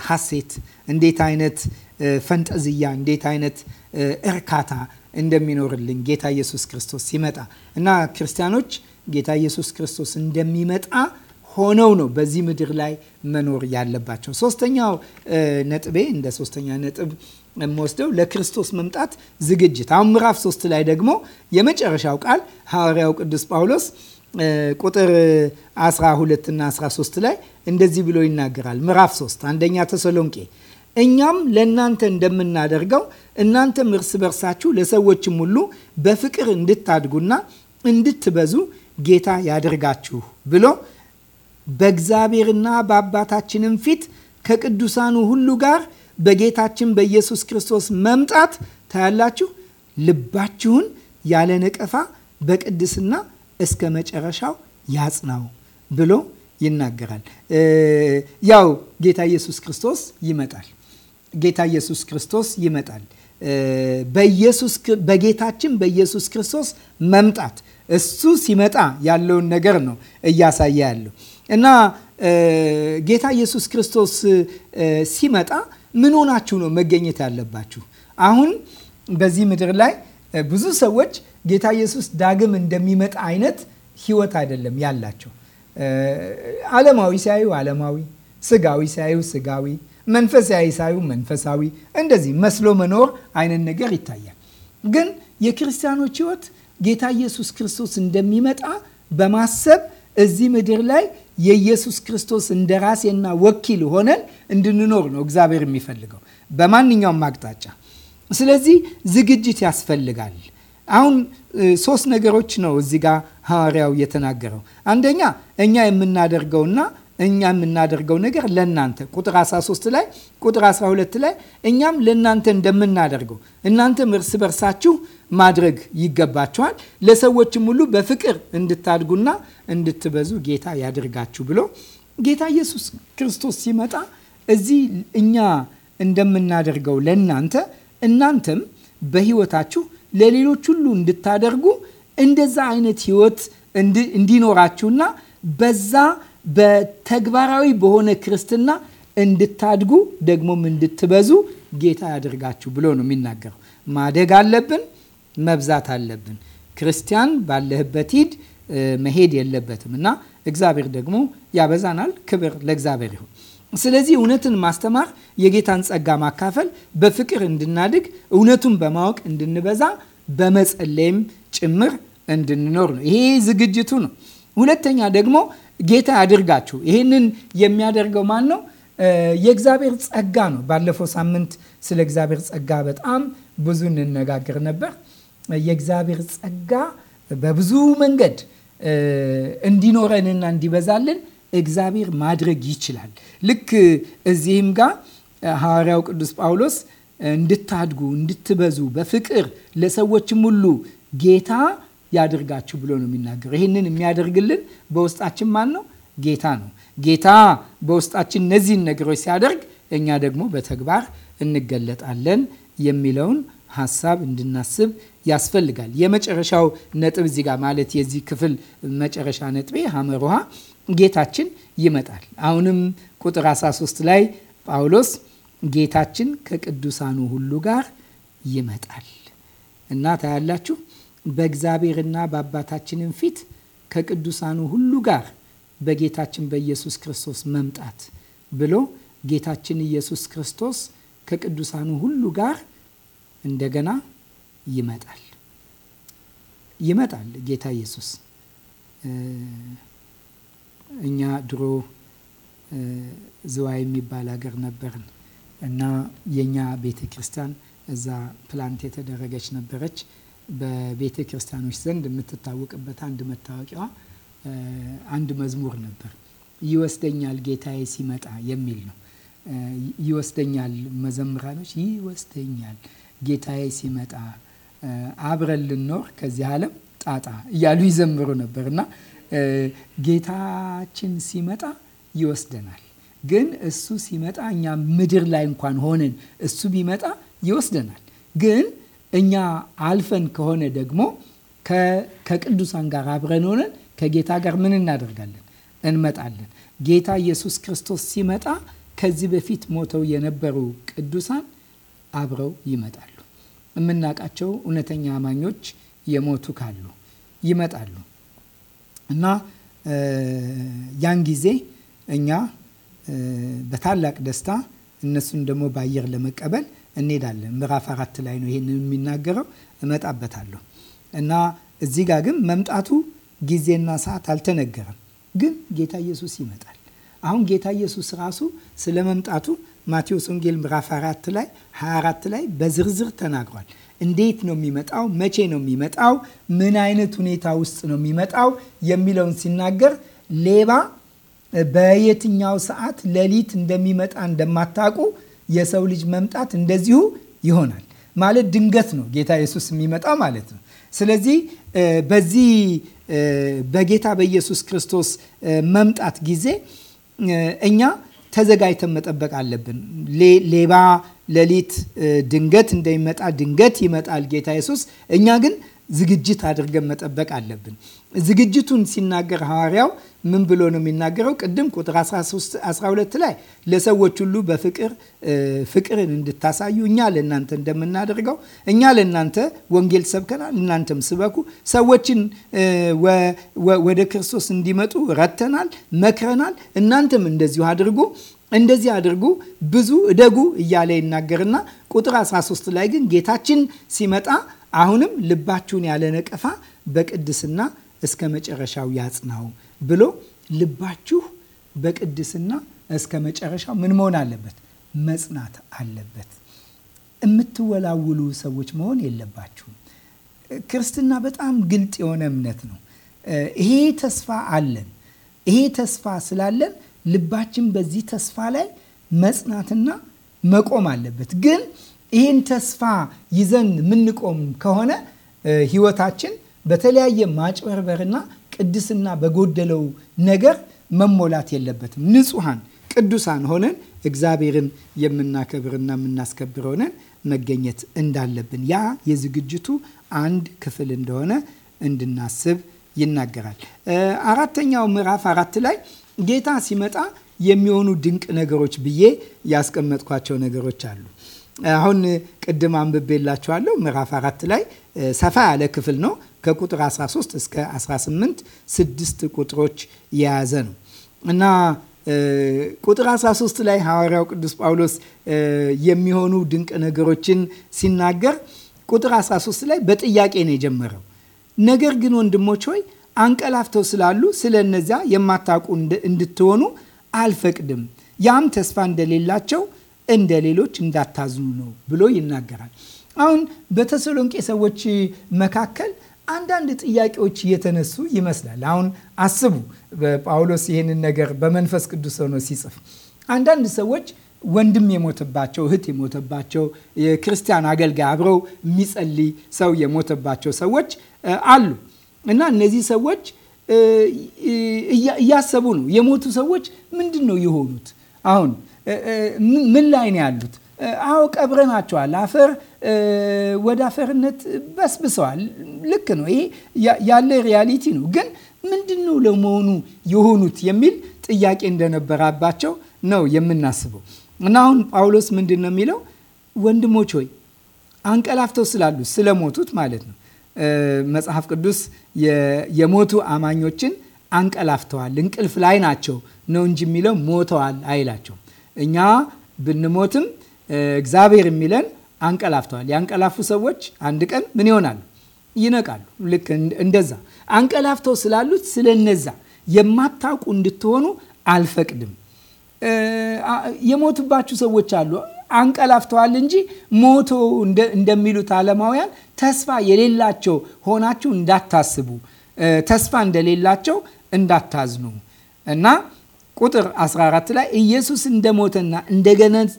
ሐሴት፣ እንዴት አይነት ፈንጠዝያ፣ እንዴት አይነት እርካታ እንደሚኖርልን ጌታ ኢየሱስ ክርስቶስ ሲመጣ እና ክርስቲያኖች ጌታ ኢየሱስ ክርስቶስ እንደሚመጣ ሆነው ነው በዚህ ምድር ላይ መኖር ያለባቸው። ሶስተኛው ነጥቤ እንደ ሶስተኛ ነጥብ የምወስደው ለክርስቶስ መምጣት ዝግጅት። አሁን ምዕራፍ ሶስት ላይ ደግሞ የመጨረሻው ቃል ሐዋርያው ቅዱስ ጳውሎስ ቁጥር 12 እና 13 ላይ እንደዚህ ብሎ ይናገራል። ምዕራፍ 3 አንደኛ ተሰሎንቄ እኛም ለእናንተ እንደምናደርገው እናንተም እርስ በርሳችሁ ለሰዎችም ሁሉ በፍቅር እንድታድጉና እንድትበዙ ጌታ ያደርጋችሁ ብሎ በእግዚአብሔርና በአባታችንም ፊት ከቅዱሳኑ ሁሉ ጋር በጌታችን በኢየሱስ ክርስቶስ መምጣት ታያላችሁ። ልባችሁን ያለ ነቀፋ በቅድስና እስከ መጨረሻው ያጽናው ብሎ ይናገራል። ያው ጌታ ኢየሱስ ክርስቶስ ይመጣል። ጌታ ኢየሱስ ክርስቶስ ይመጣል። በጌታችን በኢየሱስ ክርስቶስ መምጣት እሱ ሲመጣ ያለውን ነገር ነው እያሳየ ያለው እና ጌታ ኢየሱስ ክርስቶስ ሲመጣ ምን ሆናችሁ ነው መገኘት ያለባችሁ? አሁን በዚህ ምድር ላይ ብዙ ሰዎች ጌታ ኢየሱስ ዳግም እንደሚመጣ አይነት ህይወት አይደለም ያላቸው። ዓለማዊ ሲያዩ ዓለማዊ፣ ስጋዊ ሲያዩ ስጋዊ፣ መንፈሳዊ ሲያዩ መንፈሳዊ፣ እንደዚህ መስሎ መኖር አይነት ነገር ይታያል። ግን የክርስቲያኖች ህይወት ጌታ ኢየሱስ ክርስቶስ እንደሚመጣ በማሰብ እዚህ ምድር ላይ የኢየሱስ ክርስቶስ እንደ ራሴና ወኪል ሆነን እንድንኖር ነው እግዚአብሔር የሚፈልገው በማንኛውም አቅጣጫ። ስለዚህ ዝግጅት ያስፈልጋል። አሁን ሶስት ነገሮች ነው እዚህ ጋር ሐዋርያው የተናገረው። አንደኛ እኛ የምናደርገውና እኛ የምናደርገው ነገር ለእናንተ ቁጥር 13 ላይ ቁጥር 12 ላይ እኛም ለእናንተ እንደምናደርገው እናንተም እርስ በርሳችሁ ማድረግ ይገባቸዋል ለሰዎችም ሁሉ በፍቅር እንድታድጉና እንድትበዙ ጌታ ያድርጋችሁ ብሎ ጌታ ኢየሱስ ክርስቶስ ሲመጣ እዚህ እኛ እንደምናደርገው ለእናንተ እናንተም በህይወታችሁ ለሌሎች ሁሉ እንድታደርጉ እንደዛ አይነት ህይወት እንዲኖራችሁና በዛ በተግባራዊ በሆነ ክርስትና እንድታድጉ ደግሞም እንድትበዙ ጌታ ያደርጋችሁ ብሎ ነው የሚናገረው። ማደግ አለብን። መብዛት አለብን። ክርስቲያን ባለህበት ሂድ መሄድ የለበትም እና እግዚአብሔር ደግሞ ያበዛናል። ክብር ለእግዚአብሔር ይሁን። ስለዚህ እውነትን ማስተማር፣ የጌታን ጸጋ ማካፈል፣ በፍቅር እንድናድግ፣ እውነቱን በማወቅ እንድንበዛ፣ በመጸለይም ጭምር እንድንኖር ነው። ይሄ ዝግጅቱ ነው። ሁለተኛ ደግሞ ጌታ ያድርጋችሁ። ይህንን የሚያደርገው ማን ነው? የእግዚአብሔር ጸጋ ነው። ባለፈው ሳምንት ስለ እግዚአብሔር ጸጋ በጣም ብዙ እንነጋገር ነበር። የእግዚአብሔር ጸጋ በብዙ መንገድ እንዲኖረንና እንዲበዛልን እግዚአብሔር ማድረግ ይችላል። ልክ እዚህም ጋር ሐዋርያው ቅዱስ ጳውሎስ እንድታድጉ እንድትበዙ በፍቅር ለሰዎችም ሁሉ ጌታ ያደርጋችሁ ብሎ ነው የሚናገረው። ይህንን የሚያደርግልን በውስጣችን ማን ነው? ጌታ ነው። ጌታ በውስጣችን እነዚህን ነገሮች ሲያደርግ፣ እኛ ደግሞ በተግባር እንገለጣለን የሚለውን ሀሳብ እንድናስብ ያስፈልጋል። የመጨረሻው ነጥብ እዚህ ጋር ማለት የዚህ ክፍል መጨረሻ ነጥቤ ሀመር ውሃ ጌታችን ይመጣል። አሁንም ቁጥር 13 ላይ ጳውሎስ ጌታችን ከቅዱሳኑ ሁሉ ጋር ይመጣል እና ታያላችሁ በእግዚአብሔርና በአባታችንም ፊት ከቅዱሳኑ ሁሉ ጋር በጌታችን በኢየሱስ ክርስቶስ መምጣት ብሎ ጌታችን ኢየሱስ ክርስቶስ ከቅዱሳኑ ሁሉ ጋር እንደገና ይመጣል ይመጣል ጌታ ኢየሱስ። እኛ ድሮ ዝዋይ የሚባል ሀገር ነበርን እና የእኛ ቤተ ክርስቲያን እዛ ፕላንት የተደረገች ነበረች። በቤተ ክርስቲያኖች ዘንድ የምትታወቅበት አንድ መታወቂያ አንድ መዝሙር ነበር። ይወስደኛል ጌታዬ ሲመጣ የሚል ነው። ይወስደኛል መዘምራኖች ይወስደኛል ጌታዬ ሲመጣ አብረን ልንኖር ከዚህ ዓለም ጣጣ እያሉ ይዘምሩ ነበር እና ጌታችን ሲመጣ ይወስደናል። ግን እሱ ሲመጣ እኛ ምድር ላይ እንኳን ሆነን እሱ ቢመጣ ይወስደናል። ግን እኛ አልፈን ከሆነ ደግሞ ከቅዱሳን ጋር አብረን ሆነን ከጌታ ጋር ምን እናደርጋለን? እንመጣለን። ጌታ ኢየሱስ ክርስቶስ ሲመጣ ከዚህ በፊት ሞተው የነበሩ ቅዱሳን አብረው ይመጣል። የምናውቃቸው እውነተኛ አማኞች የሞቱ ካሉ ይመጣሉ እና ያን ጊዜ እኛ በታላቅ ደስታ እነሱን ደግሞ በአየር ለመቀበል እንሄዳለን። ምዕራፍ አራት ላይ ነው ይህንን የሚናገረው። እመጣበታለሁ እና እዚህ ጋር ግን መምጣቱ ጊዜና ሰዓት አልተነገረም። ግን ጌታ ኢየሱስ ይመጣል። አሁን ጌታ ኢየሱስ ራሱ ስለ መምጣቱ ማቴዎስ ወንጌል ምዕራፍ 4 ላይ 24 ላይ በዝርዝር ተናግሯል። እንዴት ነው የሚመጣው? መቼ ነው የሚመጣው? ምን አይነት ሁኔታ ውስጥ ነው የሚመጣው የሚለውን ሲናገር ሌባ በየትኛው ሰዓት ሌሊት እንደሚመጣ እንደማታውቁ የሰው ልጅ መምጣት እንደዚሁ ይሆናል። ማለት ድንገት ነው ጌታ ኢየሱስ የሚመጣው ማለት ነው። ስለዚህ በዚህ በጌታ በኢየሱስ ክርስቶስ መምጣት ጊዜ እኛ ተዘጋጅተን መጠበቅ አለብን። ሌባ ሌሊት ድንገት እንደሚመጣ ድንገት ይመጣል ጌታ ኢየሱስ። እኛ ግን ዝግጅት አድርገን መጠበቅ አለብን። ዝግጅቱን ሲናገር ሐዋርያው ምን ብሎ ነው የሚናገረው? ቅድም ቁጥር 12 ላይ ለሰዎች ሁሉ በፍቅር ፍቅርን እንድታሳዩ እኛ ለእናንተ እንደምናደርገው እኛ ለእናንተ ወንጌል ሰብከናል፣ እናንተም ስበኩ። ሰዎችን ወደ ክርስቶስ እንዲመጡ ረተናል፣ መክረናል። እናንተም እንደዚሁ አድርጉ እንደዚህ አድርጉ፣ ብዙ እደጉ እያለ ይናገርና ቁጥር 13 ላይ ግን ጌታችን ሲመጣ አሁንም ልባችሁን ያለ ነቀፋ በቅድስና እስከ መጨረሻው ያጽናው ብሎ ልባችሁ በቅድስና እስከ መጨረሻው ምን መሆን አለበት? መጽናት አለበት። የምትወላውሉ ሰዎች መሆን የለባችሁም። ክርስትና በጣም ግልጥ የሆነ እምነት ነው። ይሄ ተስፋ አለን። ይሄ ተስፋ ስላለን ልባችን በዚህ ተስፋ ላይ መጽናትና መቆም አለበት ግን ይህን ተስፋ ይዘን የምንቆም ከሆነ ህይወታችን በተለያየ ማጭበርበርና ቅድስና በጎደለው ነገር መሞላት የለበትም። ንጹሐን ቅዱሳን ሆነን እግዚአብሔርን የምናከብርና የምናስከብር ሆነን መገኘት እንዳለብን ያ የዝግጅቱ አንድ ክፍል እንደሆነ እንድናስብ ይናገራል። አራተኛው ምዕራፍ አራት ላይ ጌታ ሲመጣ የሚሆኑ ድንቅ ነገሮች ብዬ ያስቀመጥኳቸው ነገሮች አሉ። አሁን ቅድም አንብቤላችኋለሁ ምዕራፍ አራት ላይ ሰፋ ያለ ክፍል ነው። ከቁጥር 13 እስከ 18 ስድስት ቁጥሮች የያዘ ነው እና ቁጥር 13 ላይ ሐዋርያው ቅዱስ ጳውሎስ የሚሆኑ ድንቅ ነገሮችን ሲናገር ቁጥር 13 ላይ በጥያቄ ነው የጀመረው። ነገር ግን ወንድሞች ሆይ አንቀላፍተው ስላሉ ስለ እነዚያ የማታውቁ እንድትሆኑ አልፈቅድም። ያም ተስፋ እንደሌላቸው እንደ ሌሎች እንዳታዝኑ ነው ብሎ ይናገራል። አሁን በተሰሎንቄ ሰዎች መካከል አንዳንድ ጥያቄዎች እየተነሱ ይመስላል። አሁን አስቡ፣ በጳውሎስ ይህንን ነገር በመንፈስ ቅዱስ ሆኖ ሲጽፍ አንዳንድ ሰዎች ወንድም የሞተባቸው እህት የሞተባቸው የክርስቲያን አገልጋይ አብረው የሚጸልይ ሰው የሞተባቸው ሰዎች አሉ እና እነዚህ ሰዎች እያሰቡ ነው የሞቱ ሰዎች ምንድን ነው የሆኑት? አሁን ምን ላይ ነው ያሉት? አዎ ቀብረናቸዋል። አፈር ወደ አፈርነት በስብሰዋል። ልክ ነው። ይሄ ያለ ሪያሊቲ ነው። ግን ምንድን ነው ለመሆኑ የሆኑት የሚል ጥያቄ እንደነበራባቸው ነው የምናስበው። እና አሁን ጳውሎስ ምንድን ነው የሚለው? ወንድሞች ሆይ አንቀላፍተው ስላሉ ስለሞቱት ማለት ነው። መጽሐፍ ቅዱስ የሞቱ አማኞችን አንቀላፍተዋል፣ እንቅልፍ ላይ ናቸው ነው እንጂ የሚለው ሞተዋል አይላቸው እኛ ብንሞትም እግዚአብሔር የሚለን አንቀላፍተዋል። ያንቀላፉ ሰዎች አንድ ቀን ምን ይሆናሉ? ይነቃሉ። ልክ እንደዛ አንቀላፍተው ስላሉት ስለነዛ የማታውቁ እንድትሆኑ አልፈቅድም። የሞቱባችሁ ሰዎች አሉ። አንቀላፍተዋል እንጂ ሞቶ እንደሚሉት አለማውያን ተስፋ የሌላቸው ሆናችሁ እንዳታስቡ፣ ተስፋ እንደሌላቸው እንዳታዝኑ እና ቁጥር 14 ላይ ኢየሱስ እንደሞተና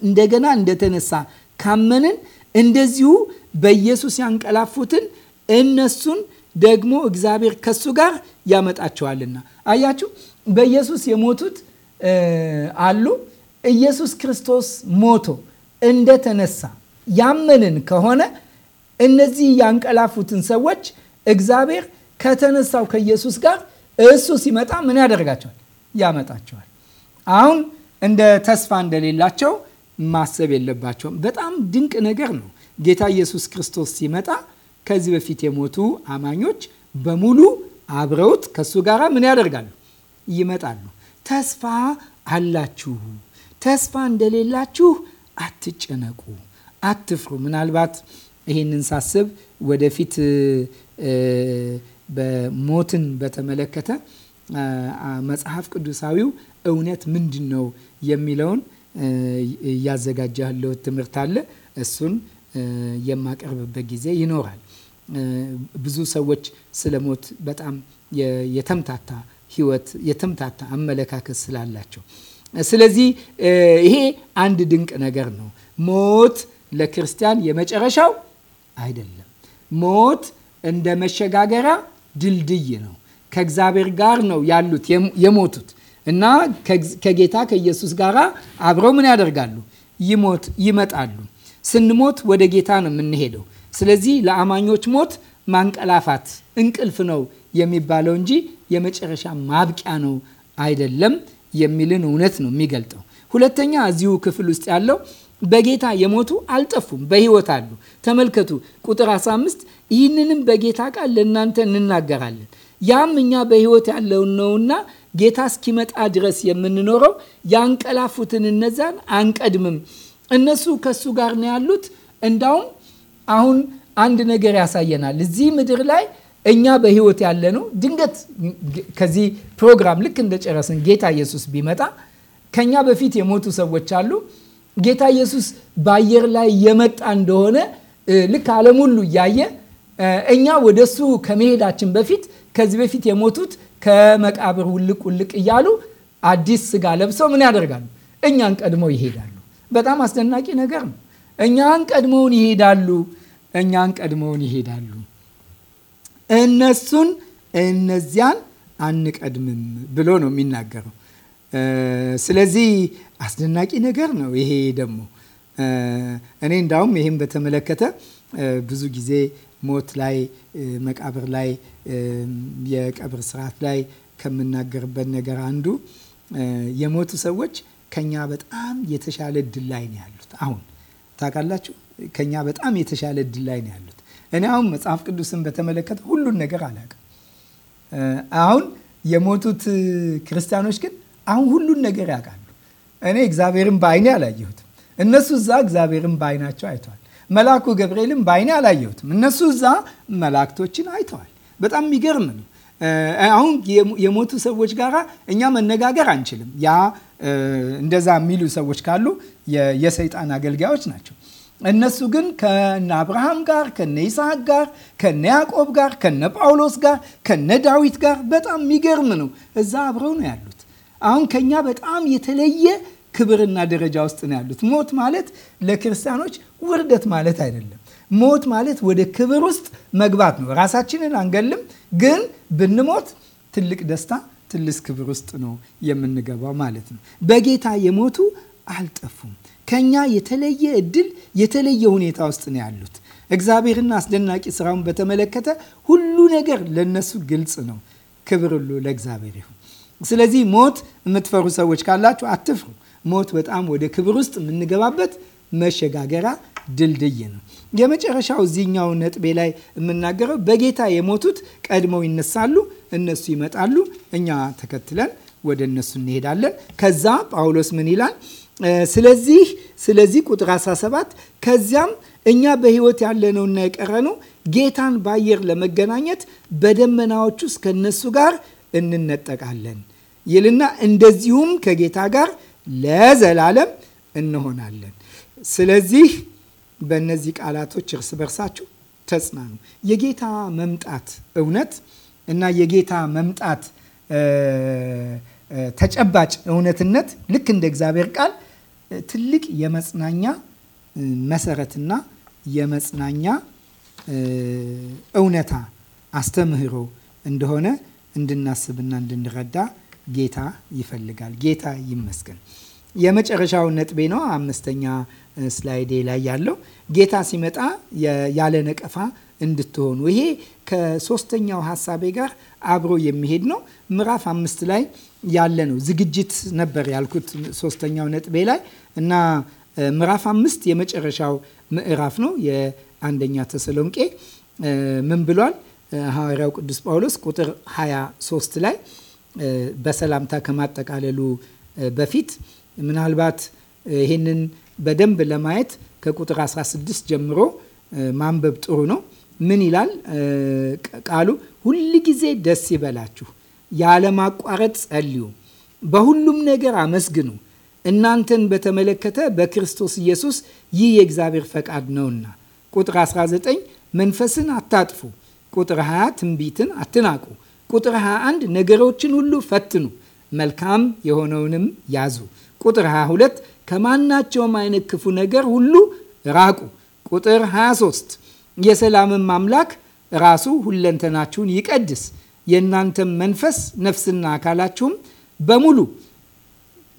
እንደገና እንደተነሳ ካመንን እንደዚሁ በኢየሱስ ያንቀላፉትን እነሱን ደግሞ እግዚአብሔር ከሱ ጋር ያመጣቸዋልና። አያችሁ፣ በኢየሱስ የሞቱት አሉ። ኢየሱስ ክርስቶስ ሞቶ እንደተነሳ ያመንን ከሆነ እነዚህ ያንቀላፉትን ሰዎች እግዚአብሔር ከተነሳው ከኢየሱስ ጋር እሱ ሲመጣ ምን ያደርጋቸዋል? ያመጣቸዋል። አሁን እንደ ተስፋ እንደሌላቸው ማሰብ የለባቸውም። በጣም ድንቅ ነገር ነው። ጌታ ኢየሱስ ክርስቶስ ሲመጣ ከዚህ በፊት የሞቱ አማኞች በሙሉ አብረውት ከእሱ ጋር ምን ያደርጋሉ? ይመጣሉ። ተስፋ አላችሁ። ተስፋ እንደሌላችሁ አትጨነቁ፣ አትፍሩ። ምናልባት ይህንን ሳስብ ወደፊት በሞትን በተመለከተ መጽሐፍ ቅዱሳዊው እውነት ምንድን ነው የሚለውን እያዘጋጃለው ትምህርት አለ። እሱን የማቀርብበት ጊዜ ይኖራል። ብዙ ሰዎች ስለ ሞት በጣም የተምታታ ህይወት፣ የተምታታ አመለካከት ስላላቸው ስለዚህ ይሄ አንድ ድንቅ ነገር ነው። ሞት ለክርስቲያን የመጨረሻው አይደለም። ሞት እንደ መሸጋገሪያ ድልድይ ነው። ከእግዚአብሔር ጋር ነው ያሉት የሞቱት እና ከጌታ ከኢየሱስ ጋር አብረው ምን ያደርጋሉ? ይሞት ይመጣሉ። ስንሞት ወደ ጌታ ነው የምንሄደው። ስለዚህ ለአማኞች ሞት ማንቀላፋት እንቅልፍ ነው የሚባለው እንጂ የመጨረሻ ማብቂያ ነው አይደለም የሚልን እውነት ነው የሚገልጠው። ሁለተኛ እዚሁ ክፍል ውስጥ ያለው በጌታ የሞቱ አልጠፉም፣ በህይወት አሉ። ተመልከቱ ቁጥር 15 ይህንንም በጌታ ቃል ለእናንተ እንናገራለን ያም እኛ በህይወት ያለውን ነውና ጌታ እስኪመጣ ድረስ የምንኖረው ያንቀላፉትን እነዛን አንቀድምም። እነሱ ከሱ ጋር ነው ያሉት። እንዳውም አሁን አንድ ነገር ያሳየናል። እዚህ ምድር ላይ እኛ በህይወት ያለ ነው። ድንገት ከዚህ ፕሮግራም ልክ እንደጨረስን ጌታ ኢየሱስ ቢመጣ ከኛ በፊት የሞቱ ሰዎች አሉ። ጌታ ኢየሱስ በአየር ላይ የመጣ እንደሆነ ልክ ዓለም ሁሉ እያየ እኛ ወደ እሱ ከመሄዳችን በፊት ከዚህ በፊት የሞቱት ከመቃብር ውልቅ ውልቅ እያሉ አዲስ ስጋ ለብሰው ምን ያደርጋሉ? እኛን ቀድመው ይሄዳሉ። በጣም አስደናቂ ነገር ነው። እኛን ቀድመውን ይሄዳሉ። እኛን ቀድመውን ይሄዳሉ። እነሱን እነዚያን አንቀድምም ብሎ ነው የሚናገረው። ስለዚህ አስደናቂ ነገር ነው። ይሄ ደግሞ እኔ እንዳውም ይህም በተመለከተ ብዙ ጊዜ ሞት ላይ፣ መቃብር ላይ፣ የቀብር ስርዓት ላይ ከምናገርበት ነገር አንዱ የሞቱ ሰዎች ከኛ በጣም የተሻለ እድል ላይ ነው ያሉት። አሁን ታውቃላችሁ፣ ከኛ በጣም የተሻለ እድል ላይ ነው ያሉት። እኔ አሁን መጽሐፍ ቅዱስን በተመለከተ ሁሉን ነገር አላውቅም። አሁን የሞቱት ክርስቲያኖች ግን አሁን ሁሉን ነገር ያውቃሉ። እኔ እግዚአብሔርን በአይኔ አላየሁትም፣ እነሱ እዛ እግዚአብሔርን በአይናቸው አይተዋል። መልአኩ ገብርኤልም በአይኔ አላየሁትም። እነሱ እዛ መላእክቶችን አይተዋል። በጣም የሚገርም ነው። አሁን የሞቱ ሰዎች ጋር እኛ መነጋገር አንችልም። ያ እንደዛ የሚሉ ሰዎች ካሉ የሰይጣን አገልጋዮች ናቸው። እነሱ ግን ከነ አብርሃም ጋር ከነ ይስሐቅ ጋር ከነ ያዕቆብ ጋር ከነ ጳውሎስ ጋር ከነ ዳዊት ጋር በጣም የሚገርም ነው። እዛ አብረው ነው ያሉት። አሁን ከኛ በጣም የተለየ ክብርና ደረጃ ውስጥ ነው ያሉት። ሞት ማለት ለክርስቲያኖች ውርደት ማለት አይደለም። ሞት ማለት ወደ ክብር ውስጥ መግባት ነው። ራሳችንን አንገልም፣ ግን ብንሞት ትልቅ ደስታ፣ ትልቅ ክብር ውስጥ ነው የምንገባው ማለት ነው። በጌታ የሞቱ አልጠፉም። ከኛ የተለየ እድል፣ የተለየ ሁኔታ ውስጥ ነው ያሉት። እግዚአብሔርና አስደናቂ ስራውን በተመለከተ ሁሉ ነገር ለነሱ ግልጽ ነው። ክብር ሁሉ ለእግዚአብሔር ይሁን። ስለዚህ ሞት የምትፈሩ ሰዎች ካላችሁ አትፍሩ። ሞት በጣም ወደ ክብር ውስጥ የምንገባበት መሸጋገሪያ ድልድይ ነው። የመጨረሻው እዚህኛው ነጥቤ ላይ የምናገረው በጌታ የሞቱት ቀድመው ይነሳሉ። እነሱ ይመጣሉ፣ እኛ ተከትለን ወደ እነሱ እንሄዳለን። ከዛ ጳውሎስ ምን ይላል? ስለዚህ ስለዚህ ቁጥር 17 ከዚያም እኛ በህይወት ያለነውና የቀረነው ጌታን በአየር ለመገናኘት በደመናዎች ውስጥ ከነሱ ጋር እንነጠቃለን ይልና እንደዚሁም ከጌታ ጋር ለዘላለም እንሆናለን። ስለዚህ በእነዚህ ቃላቶች እርስ በርሳችሁ ተጽናኑ። የጌታ መምጣት እውነት እና የጌታ መምጣት ተጨባጭ እውነትነት ልክ እንደ እግዚአብሔር ቃል ትልቅ የመጽናኛ መሰረትና የመጽናኛ እውነታ አስተምህሮ እንደሆነ እንድናስብና እንድንረዳ ጌታ ይፈልጋል። ጌታ ይመስገን። የመጨረሻው ነጥቤ ነው። አምስተኛ ስላይዴ ላይ ያለው ጌታ ሲመጣ ያለ ነቀፋ እንድትሆኑ። ይሄ ከሶስተኛው ሀሳቤ ጋር አብሮ የሚሄድ ነው። ምዕራፍ አምስት ላይ ያለ ነው። ዝግጅት ነበር ያልኩት ሶስተኛው ነጥቤ ላይ እና ምዕራፍ አምስት የመጨረሻው ምዕራፍ ነው የአንደኛ ተሰሎንቄ ምን ብሏል ሐዋርያው ቅዱስ ጳውሎስ ቁጥር 23 ላይ በሰላምታ ከማጠቃለሉ በፊት ምናልባት ይህንን በደንብ ለማየት ከቁጥር 16 ጀምሮ ማንበብ ጥሩ ነው። ምን ይላል ቃሉ? ሁል ጊዜ ደስ ይበላችሁ፣ ያለማቋረጥ ጸልዩ፣ በሁሉም ነገር አመስግኑ። እናንተን በተመለከተ በክርስቶስ ኢየሱስ ይህ የእግዚአብሔር ፈቃድ ነውና። ቁጥር 19 መንፈስን አታጥፉ። ቁጥር 20 ትንቢትን አትናቁ። ቁጥር 21 ነገሮችን ሁሉ ፈትኑ፣ መልካም የሆነውንም ያዙ። ቁጥር 22 ከማናቸውም አይነት ክፉ ነገር ሁሉ ራቁ። ቁጥር 23 የሰላምም አምላክ ራሱ ሁለንተናችሁን ይቀድስ፣ የእናንተም መንፈስ ነፍስና አካላችሁም በሙሉ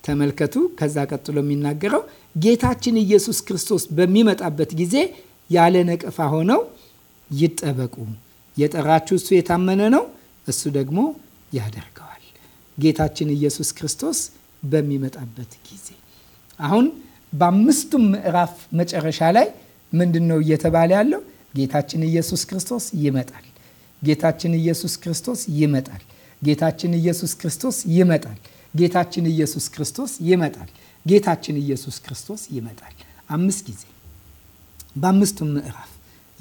ተመልከቱ። ከዛ ቀጥሎ የሚናገረው ጌታችን ኢየሱስ ክርስቶስ በሚመጣበት ጊዜ ያለ ነቀፋ ሆነው ይጠበቁ። የጠራችሁ እሱ የታመነ ነው። እሱ ደግሞ ያደርገዋል። ጌታችን ኢየሱስ ክርስቶስ በሚመጣበት ጊዜ አሁን በአምስቱም ምዕራፍ መጨረሻ ላይ ምንድን ነው እየተባለ ያለው? ጌታችን ኢየሱስ ክርስቶስ ይመጣል። ጌታችን ኢየሱስ ክርስቶስ ይመጣል። ጌታችን ኢየሱስ ክርስቶስ ይመጣል። ጌታችን ኢየሱስ ክርስቶስ ይመጣል። ጌታችን ኢየሱስ ክርስቶስ ይመጣል። አምስት ጊዜ በአምስቱም ምዕራፍ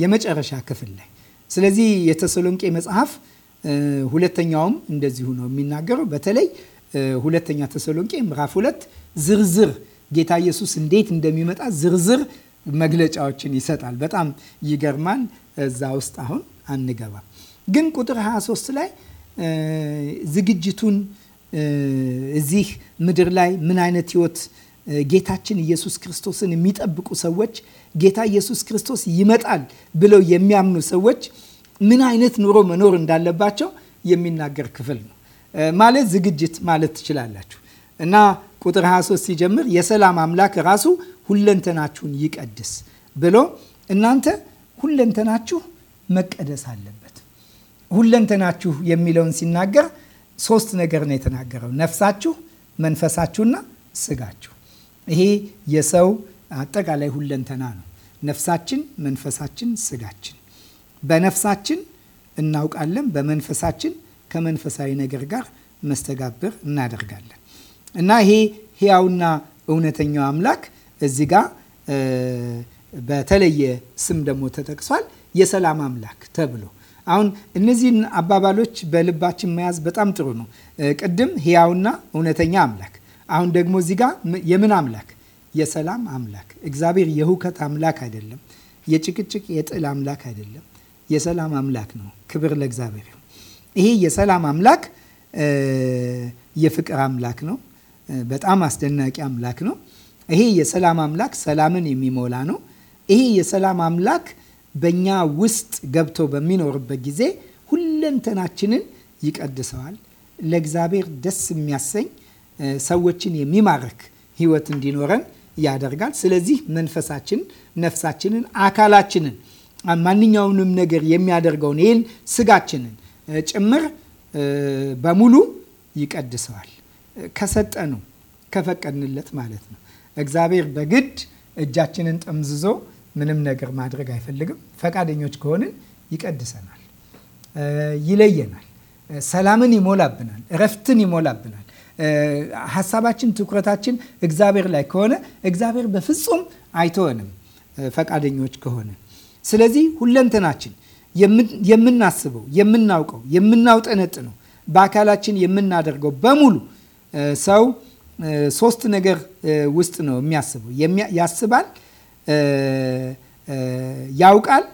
የመጨረሻ ክፍል ላይ ስለዚህ የተሰሎንቄ መጽሐፍ ሁለተኛውም እንደዚሁ ነው የሚናገረው። በተለይ ሁለተኛ ተሰሎንቄ ምዕራፍ ሁለት ዝርዝር ጌታ ኢየሱስ እንዴት እንደሚመጣ ዝርዝር መግለጫዎችን ይሰጣል። በጣም ይገርማል። እዛ ውስጥ አሁን አንገባም። ግን ቁጥር 23 ላይ ዝግጅቱን እዚህ ምድር ላይ ምን አይነት ህይወት ጌታችን ኢየሱስ ክርስቶስን የሚጠብቁ ሰዎች ጌታ ኢየሱስ ክርስቶስ ይመጣል ብለው የሚያምኑ ሰዎች ምን አይነት ኑሮ መኖር እንዳለባቸው የሚናገር ክፍል ነው። ማለት ዝግጅት ማለት ትችላላችሁ። እና ቁጥር 23 ሲጀምር የሰላም አምላክ ራሱ ሁለንተናችሁን ይቀድስ ብሎ እናንተ ሁለንተናችሁ መቀደስ አለበት። ሁለንተናችሁ የሚለውን ሲናገር ሶስት ነገር ነው የተናገረው፣ ነፍሳችሁ፣ መንፈሳችሁና ስጋችሁ። ይሄ የሰው አጠቃላይ ሁለንተና ነው። ነፍሳችን፣ መንፈሳችን፣ ስጋችን በነፍሳችን እናውቃለን፣ በመንፈሳችን ከመንፈሳዊ ነገር ጋር መስተጋብር እናደርጋለን እና ይሄ ሕያውና እውነተኛው አምላክ እዚህ ጋ በተለየ ስም ደግሞ ተጠቅሷል። የሰላም አምላክ ተብሎ አሁን እነዚህን አባባሎች በልባችን መያዝ በጣም ጥሩ ነው። ቅድም ሕያውና እውነተኛ አምላክ፣ አሁን ደግሞ እዚህ ጋ የምን አምላክ? የሰላም አምላክ። እግዚአብሔር የሁከት አምላክ አይደለም። የጭቅጭቅ የጥል አምላክ አይደለም። የሰላም አምላክ ነው። ክብር ለእግዚአብሔር። ይሄ የሰላም አምላክ የፍቅር አምላክ ነው። በጣም አስደናቂ አምላክ ነው። ይሄ የሰላም አምላክ ሰላምን የሚሞላ ነው። ይሄ የሰላም አምላክ በእኛ ውስጥ ገብቶ በሚኖርበት ጊዜ ሁለንተናችንን ይቀድሰዋል። ለእግዚአብሔር ደስ የሚያሰኝ ሰዎችን የሚማርክ ህይወት እንዲኖረን ያደርጋል። ስለዚህ መንፈሳችንን፣ ነፍሳችንን፣ አካላችንን ማንኛውንም ነገር የሚያደርገውን ይህን ስጋችንን ጭምር በሙሉ ይቀድሰዋል። ከሰጠኑ ከፈቀድንለት ማለት ነው። እግዚአብሔር በግድ እጃችንን ጠምዝዞ ምንም ነገር ማድረግ አይፈልግም። ፈቃደኞች ከሆንን ይቀድሰናል፣ ይለየናል፣ ሰላምን ይሞላብናል፣ እረፍትን ይሞላብናል። ሀሳባችን፣ ትኩረታችን እግዚአብሔር ላይ ከሆነ እግዚአብሔር በፍጹም አይተወንም፣ ፈቃደኞች ከሆንን ስለዚህ ሁለንተናችን የምናስበው፣ የምናውቀው፣ የምናውጠነጥነው በአካላችን የምናደርገው በሙሉ ሰው ሶስት ነገር ውስጥ ነው የሚያስበው። ያስባል፣ ያውቃል፣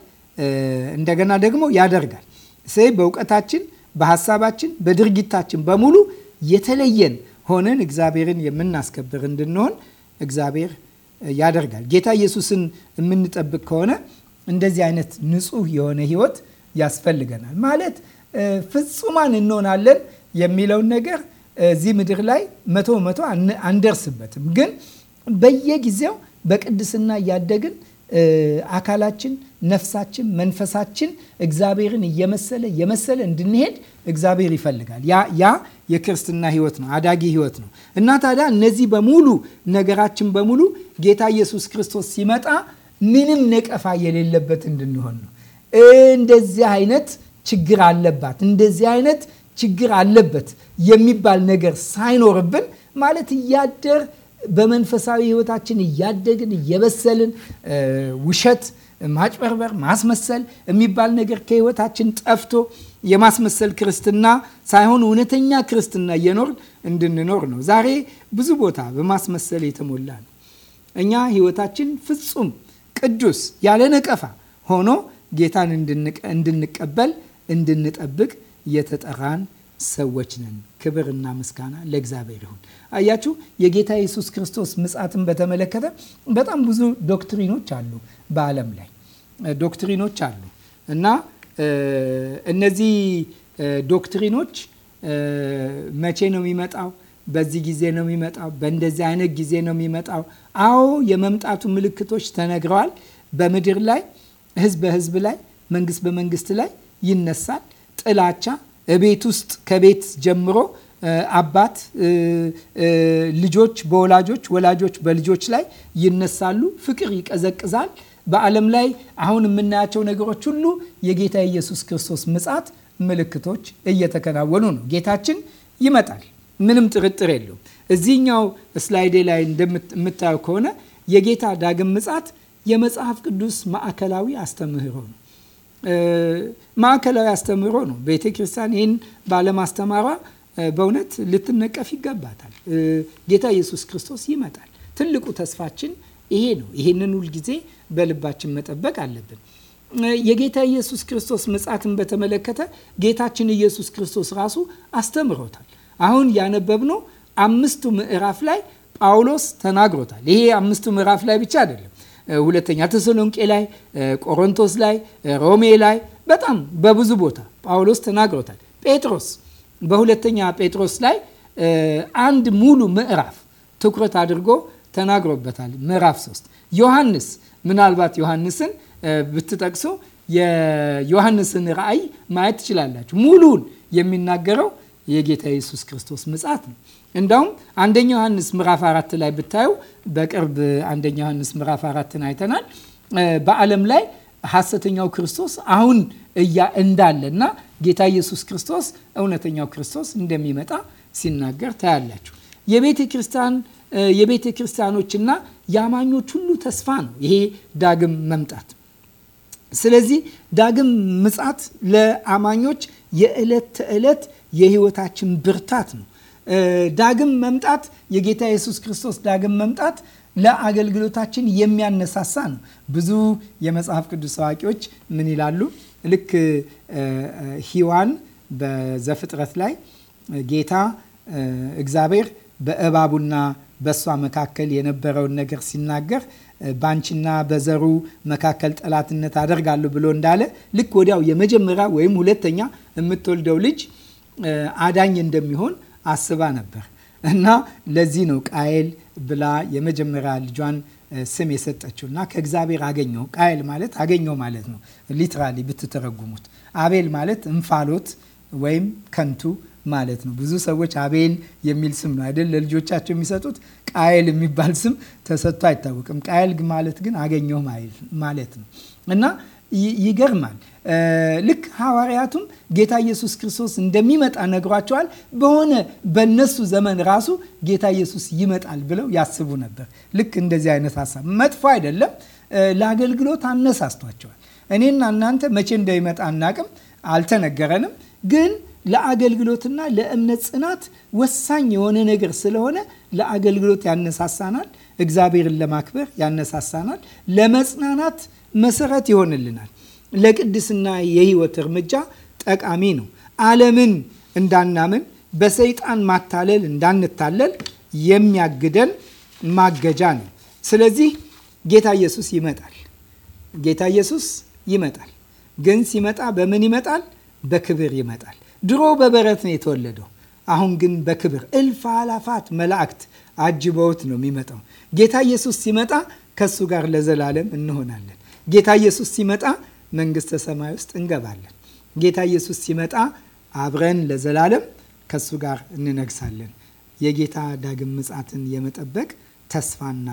እንደገና ደግሞ ያደርጋል። ስለዚህ በእውቀታችን፣ በሀሳባችን፣ በድርጊታችን በሙሉ የተለየን ሆነን እግዚአብሔርን የምናስከብር እንድንሆን እግዚአብሔር ያደርጋል። ጌታ ኢየሱስን የምንጠብቅ ከሆነ እንደዚህ አይነት ንጹህ የሆነ ህይወት ያስፈልገናል። ማለት ፍጹማን እንሆናለን የሚለውን ነገር እዚህ ምድር ላይ መቶ መቶ አንደርስበትም፣ ግን በየጊዜው በቅድስና እያደግን አካላችን፣ ነፍሳችን፣ መንፈሳችን እግዚአብሔርን እየመሰለ እየመሰለ እንድንሄድ እግዚአብሔር ይፈልጋል። ያ ያ የክርስትና ህይወት ነው፣ አዳጊ ህይወት ነው እና ታዲያ እነዚህ በሙሉ ነገራችን በሙሉ ጌታ ኢየሱስ ክርስቶስ ሲመጣ ምንም ነቀፋ የሌለበት እንድንሆን ነው። እንደዚህ አይነት ችግር አለባት፣ እንደዚህ አይነት ችግር አለበት የሚባል ነገር ሳይኖርብን ማለት እያደር በመንፈሳዊ ህይወታችን እያደግን እየበሰልን ውሸት፣ ማጭበርበር፣ ማስመሰል የሚባል ነገር ከህይወታችን ጠፍቶ የማስመሰል ክርስትና ሳይሆን እውነተኛ ክርስትና እየኖርን እንድንኖር ነው። ዛሬ ብዙ ቦታ በማስመሰል የተሞላ ነው። እኛ ህይወታችን ፍጹም ቅዱስ፣ ያለ ነቀፋ ሆኖ ጌታን እንድንቀበል እንድንጠብቅ የተጠራን ሰዎች ነን። ክብርና ምስጋና ለእግዚአብሔር ይሁን። አያችሁ የጌታ ኢየሱስ ክርስቶስ ምጻትን በተመለከተ በጣም ብዙ ዶክትሪኖች አሉ፣ በዓለም ላይ ዶክትሪኖች አሉ እና እነዚህ ዶክትሪኖች መቼ ነው የሚመጣው በዚህ ጊዜ ነው የሚመጣው፣ በእንደዚህ አይነት ጊዜ ነው የሚመጣው። አዎ የመምጣቱ ምልክቶች ተነግረዋል። በምድር ላይ ህዝብ በህዝብ ላይ፣ መንግስት በመንግስት ላይ ይነሳል። ጥላቻ ቤት ውስጥ ከቤት ጀምሮ አባት ልጆች በወላጆች ወላጆች በልጆች ላይ ይነሳሉ። ፍቅር ይቀዘቅዛል። በዓለም ላይ አሁን የምናያቸው ነገሮች ሁሉ የጌታ ኢየሱስ ክርስቶስ ምጻት ምልክቶች እየተከናወኑ ነው። ጌታችን ይመጣል። ምንም ጥርጥር የለውም። እዚህኛው ስላይዴ ላይ እንደምታየው ከሆነ የጌታ ዳግም ምጻት የመጽሐፍ ቅዱስ ማዕከላዊ አስተምህሮ ነው። ማዕከላዊ አስተምህሮ ነው። ቤተ ክርስቲያን ይህን ባለማስተማሯ በእውነት ልትነቀፍ ይገባታል። ጌታ ኢየሱስ ክርስቶስ ይመጣል። ትልቁ ተስፋችን ይሄ ነው። ይህንን ሁልጊዜ በልባችን መጠበቅ አለብን። የጌታ ኢየሱስ ክርስቶስ ምጻትን በተመለከተ ጌታችን ኢየሱስ ክርስቶስ ራሱ አስተምሮታል። አሁን ያነበብነው አምስቱ ምዕራፍ ላይ ጳውሎስ ተናግሮታል። ይሄ አምስቱ ምዕራፍ ላይ ብቻ አይደለም። ሁለተኛ ተሰሎንቄ ላይ፣ ቆሮንቶስ ላይ፣ ሮሜ ላይ በጣም በብዙ ቦታ ጳውሎስ ተናግሮታል። ጴጥሮስ በሁለተኛ ጴጥሮስ ላይ አንድ ሙሉ ምዕራፍ ትኩረት አድርጎ ተናግሮበታል። ምዕራፍ ሶስት ዮሐንስ ምናልባት ዮሐንስን ብትጠቅሱ የዮሐንስን ራእይ ማየት ትችላላችሁ። ሙሉውን የሚናገረው የጌታ ኢየሱስ ክርስቶስ ምጻት ነው። እንዳውም አንደኛ ዮሐንስ ምዕራፍ አራት ላይ ብታዩ በቅርብ አንደኛ ዮሐንስ ምዕራፍ አራትን አይተናል። በዓለም ላይ ሐሰተኛው ክርስቶስ አሁን እያ እንዳለ እና ጌታ ኢየሱስ ክርስቶስ እውነተኛው ክርስቶስ እንደሚመጣ ሲናገር ታያላችሁ። የቤተ ክርስቲያን የቤተ ክርስቲያኖችና የአማኞች ሁሉ ተስፋ ነው ይሄ ዳግም መምጣት። ስለዚህ ዳግም ምጻት ለአማኞች የዕለት ተዕለት የህይወታችን ብርታት ነው። ዳግም መምጣት የጌታ ኢየሱስ ክርስቶስ ዳግም መምጣት ለአገልግሎታችን የሚያነሳሳ ነው። ብዙ የመጽሐፍ ቅዱስ አዋቂዎች ምን ይላሉ? ልክ ሂዋን በዘፍጥረት ላይ ጌታ እግዚአብሔር በእባቡና በእሷ መካከል የነበረውን ነገር ሲናገር በአንቺና በዘሩ መካከል ጠላትነት አደርጋለሁ ብሎ እንዳለ ልክ ወዲያው የመጀመሪያ ወይም ሁለተኛ የምትወልደው ልጅ አዳኝ እንደሚሆን አስባ ነበር እና ለዚህ ነው ቃየል ብላ የመጀመሪያ ልጇን ስም የሰጠችው እና ከእግዚአብሔር አገኘው። ቃየል ማለት አገኘው ማለት ነው ሊትራሊ ብትተረጉሙት። አቤል ማለት እንፋሎት ወይም ከንቱ ማለት ነው። ብዙ ሰዎች አቤል የሚል ስም ነው አይደል ለልጆቻቸው የሚሰጡት። ቃየል የሚባል ስም ተሰጥቶ አይታወቅም። ቃየል ማለት ግን አገኘው ማለት ነው እና ይገርማል። ልክ ሐዋርያቱም ጌታ ኢየሱስ ክርስቶስ እንደሚመጣ ነግሯቸዋል። በሆነ በነሱ ዘመን ራሱ ጌታ ኢየሱስ ይመጣል ብለው ያስቡ ነበር። ልክ እንደዚህ አይነት ሀሳብ መጥፎ አይደለም፣ ለአገልግሎት አነሳስቷቸዋል። እኔና እናንተ መቼ እንደሚመጣ አናቅም፣ አልተነገረንም። ግን ለአገልግሎትና ለእምነት ጽናት ወሳኝ የሆነ ነገር ስለሆነ ለአገልግሎት ያነሳሳናል። እግዚአብሔርን ለማክበር ያነሳሳናል። ለመጽናናት መሰረት ይሆንልናል። ለቅድስና የህይወት እርምጃ ጠቃሚ ነው። ዓለምን እንዳናምን፣ በሰይጣን ማታለል እንዳንታለል የሚያግደን ማገጃ ነው። ስለዚህ ጌታ ኢየሱስ ይመጣል። ጌታ ኢየሱስ ይመጣል። ግን ሲመጣ በምን ይመጣል? በክብር ይመጣል። ድሮ በበረት ነው የተወለደው። አሁን ግን በክብር እልፍ አላፋት መላእክት አጅበውት ነው የሚመጣው። ጌታ ኢየሱስ ሲመጣ ከሱ ጋር ለዘላለም እንሆናለን። ጌታ ኢየሱስ ሲመጣ መንግስተ ሰማይ ውስጥ እንገባለን። ጌታ ኢየሱስ ሲመጣ አብረን ለዘላለም ከሱ ጋር እንነግሳለን። የጌታ ዳግም ምጻትን የመጠበቅ ተስፋና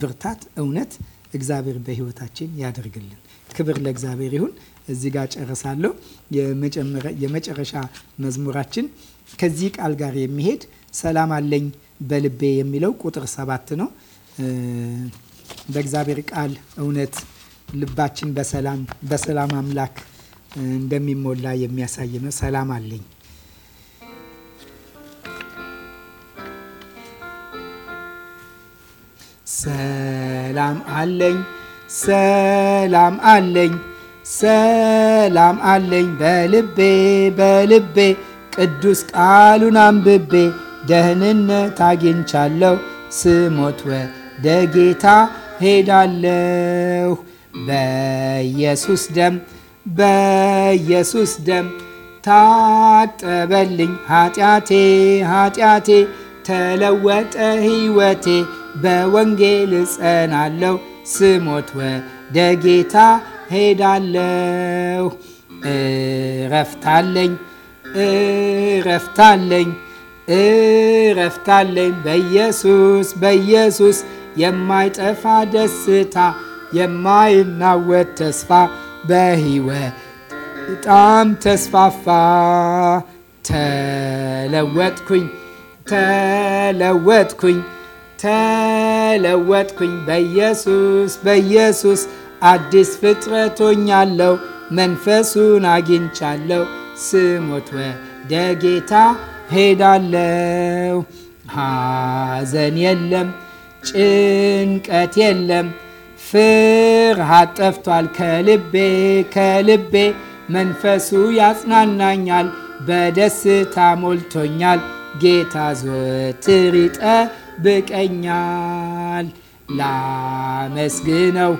ብርታት እውነት እግዚአብሔር በህይወታችን ያደርግልን። ክብር ለእግዚአብሔር ይሁን። እዚህ ጋር ጨርሳለሁ። የመጨረሻ መዝሙራችን ከዚህ ቃል ጋር የሚሄድ ሰላም አለኝ በልቤ የሚለው ቁጥር ሰባት ነው። በእግዚአብሔር ቃል እውነት ልባችን በሰላም በሰላም አምላክ እንደሚሞላ የሚያሳይ ነው። ሰላም አለኝ። ሰላም አለኝ። ሰላም አለኝ። ሰላም አለኝ በልቤ በልቤ ቅዱስ ቃሉን አንብቤ ደህንነት አግኝቻለሁ። ስሞት ወደ ጌታ ሄዳለሁ። በኢየሱስ ደም በኢየሱስ ደም ታጠበልኝ ኃጢአቴ ኃጢአቴ ተለወጠ ሕይወቴ በወንጌል እጸናለሁ ስሞት ወደ ጌታ ሄዳለሁ እረፍታለኝ እረፍታለኝ እረፍታለኝ በኢየሱስ በኢየሱስ የማይጠፋ ደስታ የማይናወጥ ተስፋ በሕይወት በጣም ተስፋፋ። ተለወጥኩኝ ተለወጥኩኝ ተለወጥኩኝ በኢየሱስ በኢየሱስ አዲስ ፍጥረት መንፈሱን አግኝቻለሁ። ስሞት ወደ ጌታ ሄዳለሁ። ሐዘን የለም፣ ጭንቀት የለም ፍርሃት ጠፍቷል ከልቤ ከልቤ መንፈሱ ያጽናናኛል በደስታ ሞልቶኛል ጌታ ዘወትር ይጠብቀኛል። ላመስግነው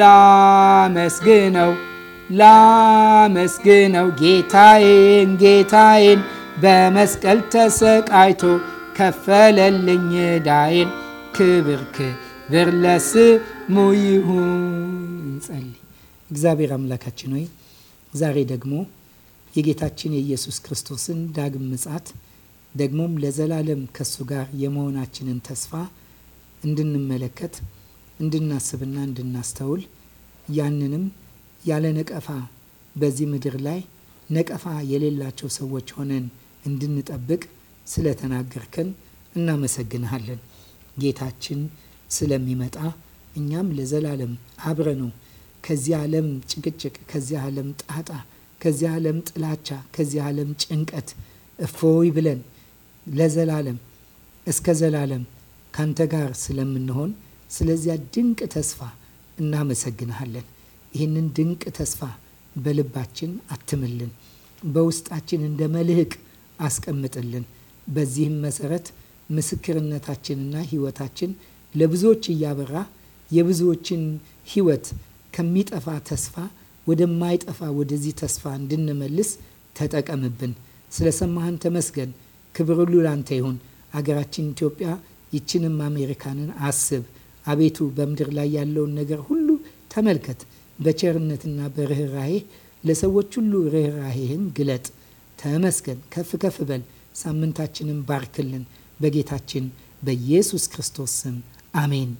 ላመስግነው ላመስግነው ጌታዬን ጌታዬን በመስቀል ተሰቃይቶ ከፈለልኝ ዳዬን ክብር ክብር ለስ ሞ ይሁን። እግዚአብሔር አምላካችን ሆይ ዛሬ ደግሞ የጌታችን የኢየሱስ ክርስቶስን ዳግም ምጻት ደግሞም ለዘላለም ከእሱ ጋር የመሆናችንን ተስፋ እንድንመለከት እንድናስብና እንድናስተውል ያንንም ያለ ነቀፋ በዚህ ምድር ላይ ነቀፋ የሌላቸው ሰዎች ሆነን እንድንጠብቅ ስለተናገርከን እናመሰግንሃለን። ጌታችን ስለሚመጣ እኛም ለዘላለም አብረ ነው ከዚህ ዓለም ጭቅጭቅ፣ ከዚህ ዓለም ጣጣ፣ ከዚህ ዓለም ጥላቻ፣ ከዚህ ዓለም ጭንቀት እፎይ ብለን ለዘላለም እስከ ዘላለም ካንተ ጋር ስለምንሆን ስለዚያ ድንቅ ተስፋ እናመሰግንሃለን። ይህንን ድንቅ ተስፋ በልባችን አትምልን፣ በውስጣችን እንደ መልህቅ አስቀምጥልን። በዚህም መሰረት ምስክርነታችንና ሕይወታችን ለብዙዎች እያበራ የብዙዎችን ህይወት ከሚጠፋ ተስፋ ወደማይጠፋ ወደዚህ ተስፋ እንድንመልስ ተጠቀምብን። ስለሰማህን ተመስገን። ክብር ሁሉ ላንተ ይሁን። አገራችን ኢትዮጵያ ይችንም አሜሪካንን አስብ። አቤቱ በምድር ላይ ያለውን ነገር ሁሉ ተመልከት። በቸርነትና በርኅራሄህ ለሰዎች ሁሉ ርኅራሄህን ግለጥ። ተመስገን። ከፍ ከፍ በል። ሳምንታችንን ባርክልን። በጌታችን በኢየሱስ ክርስቶስ ስም አሜን።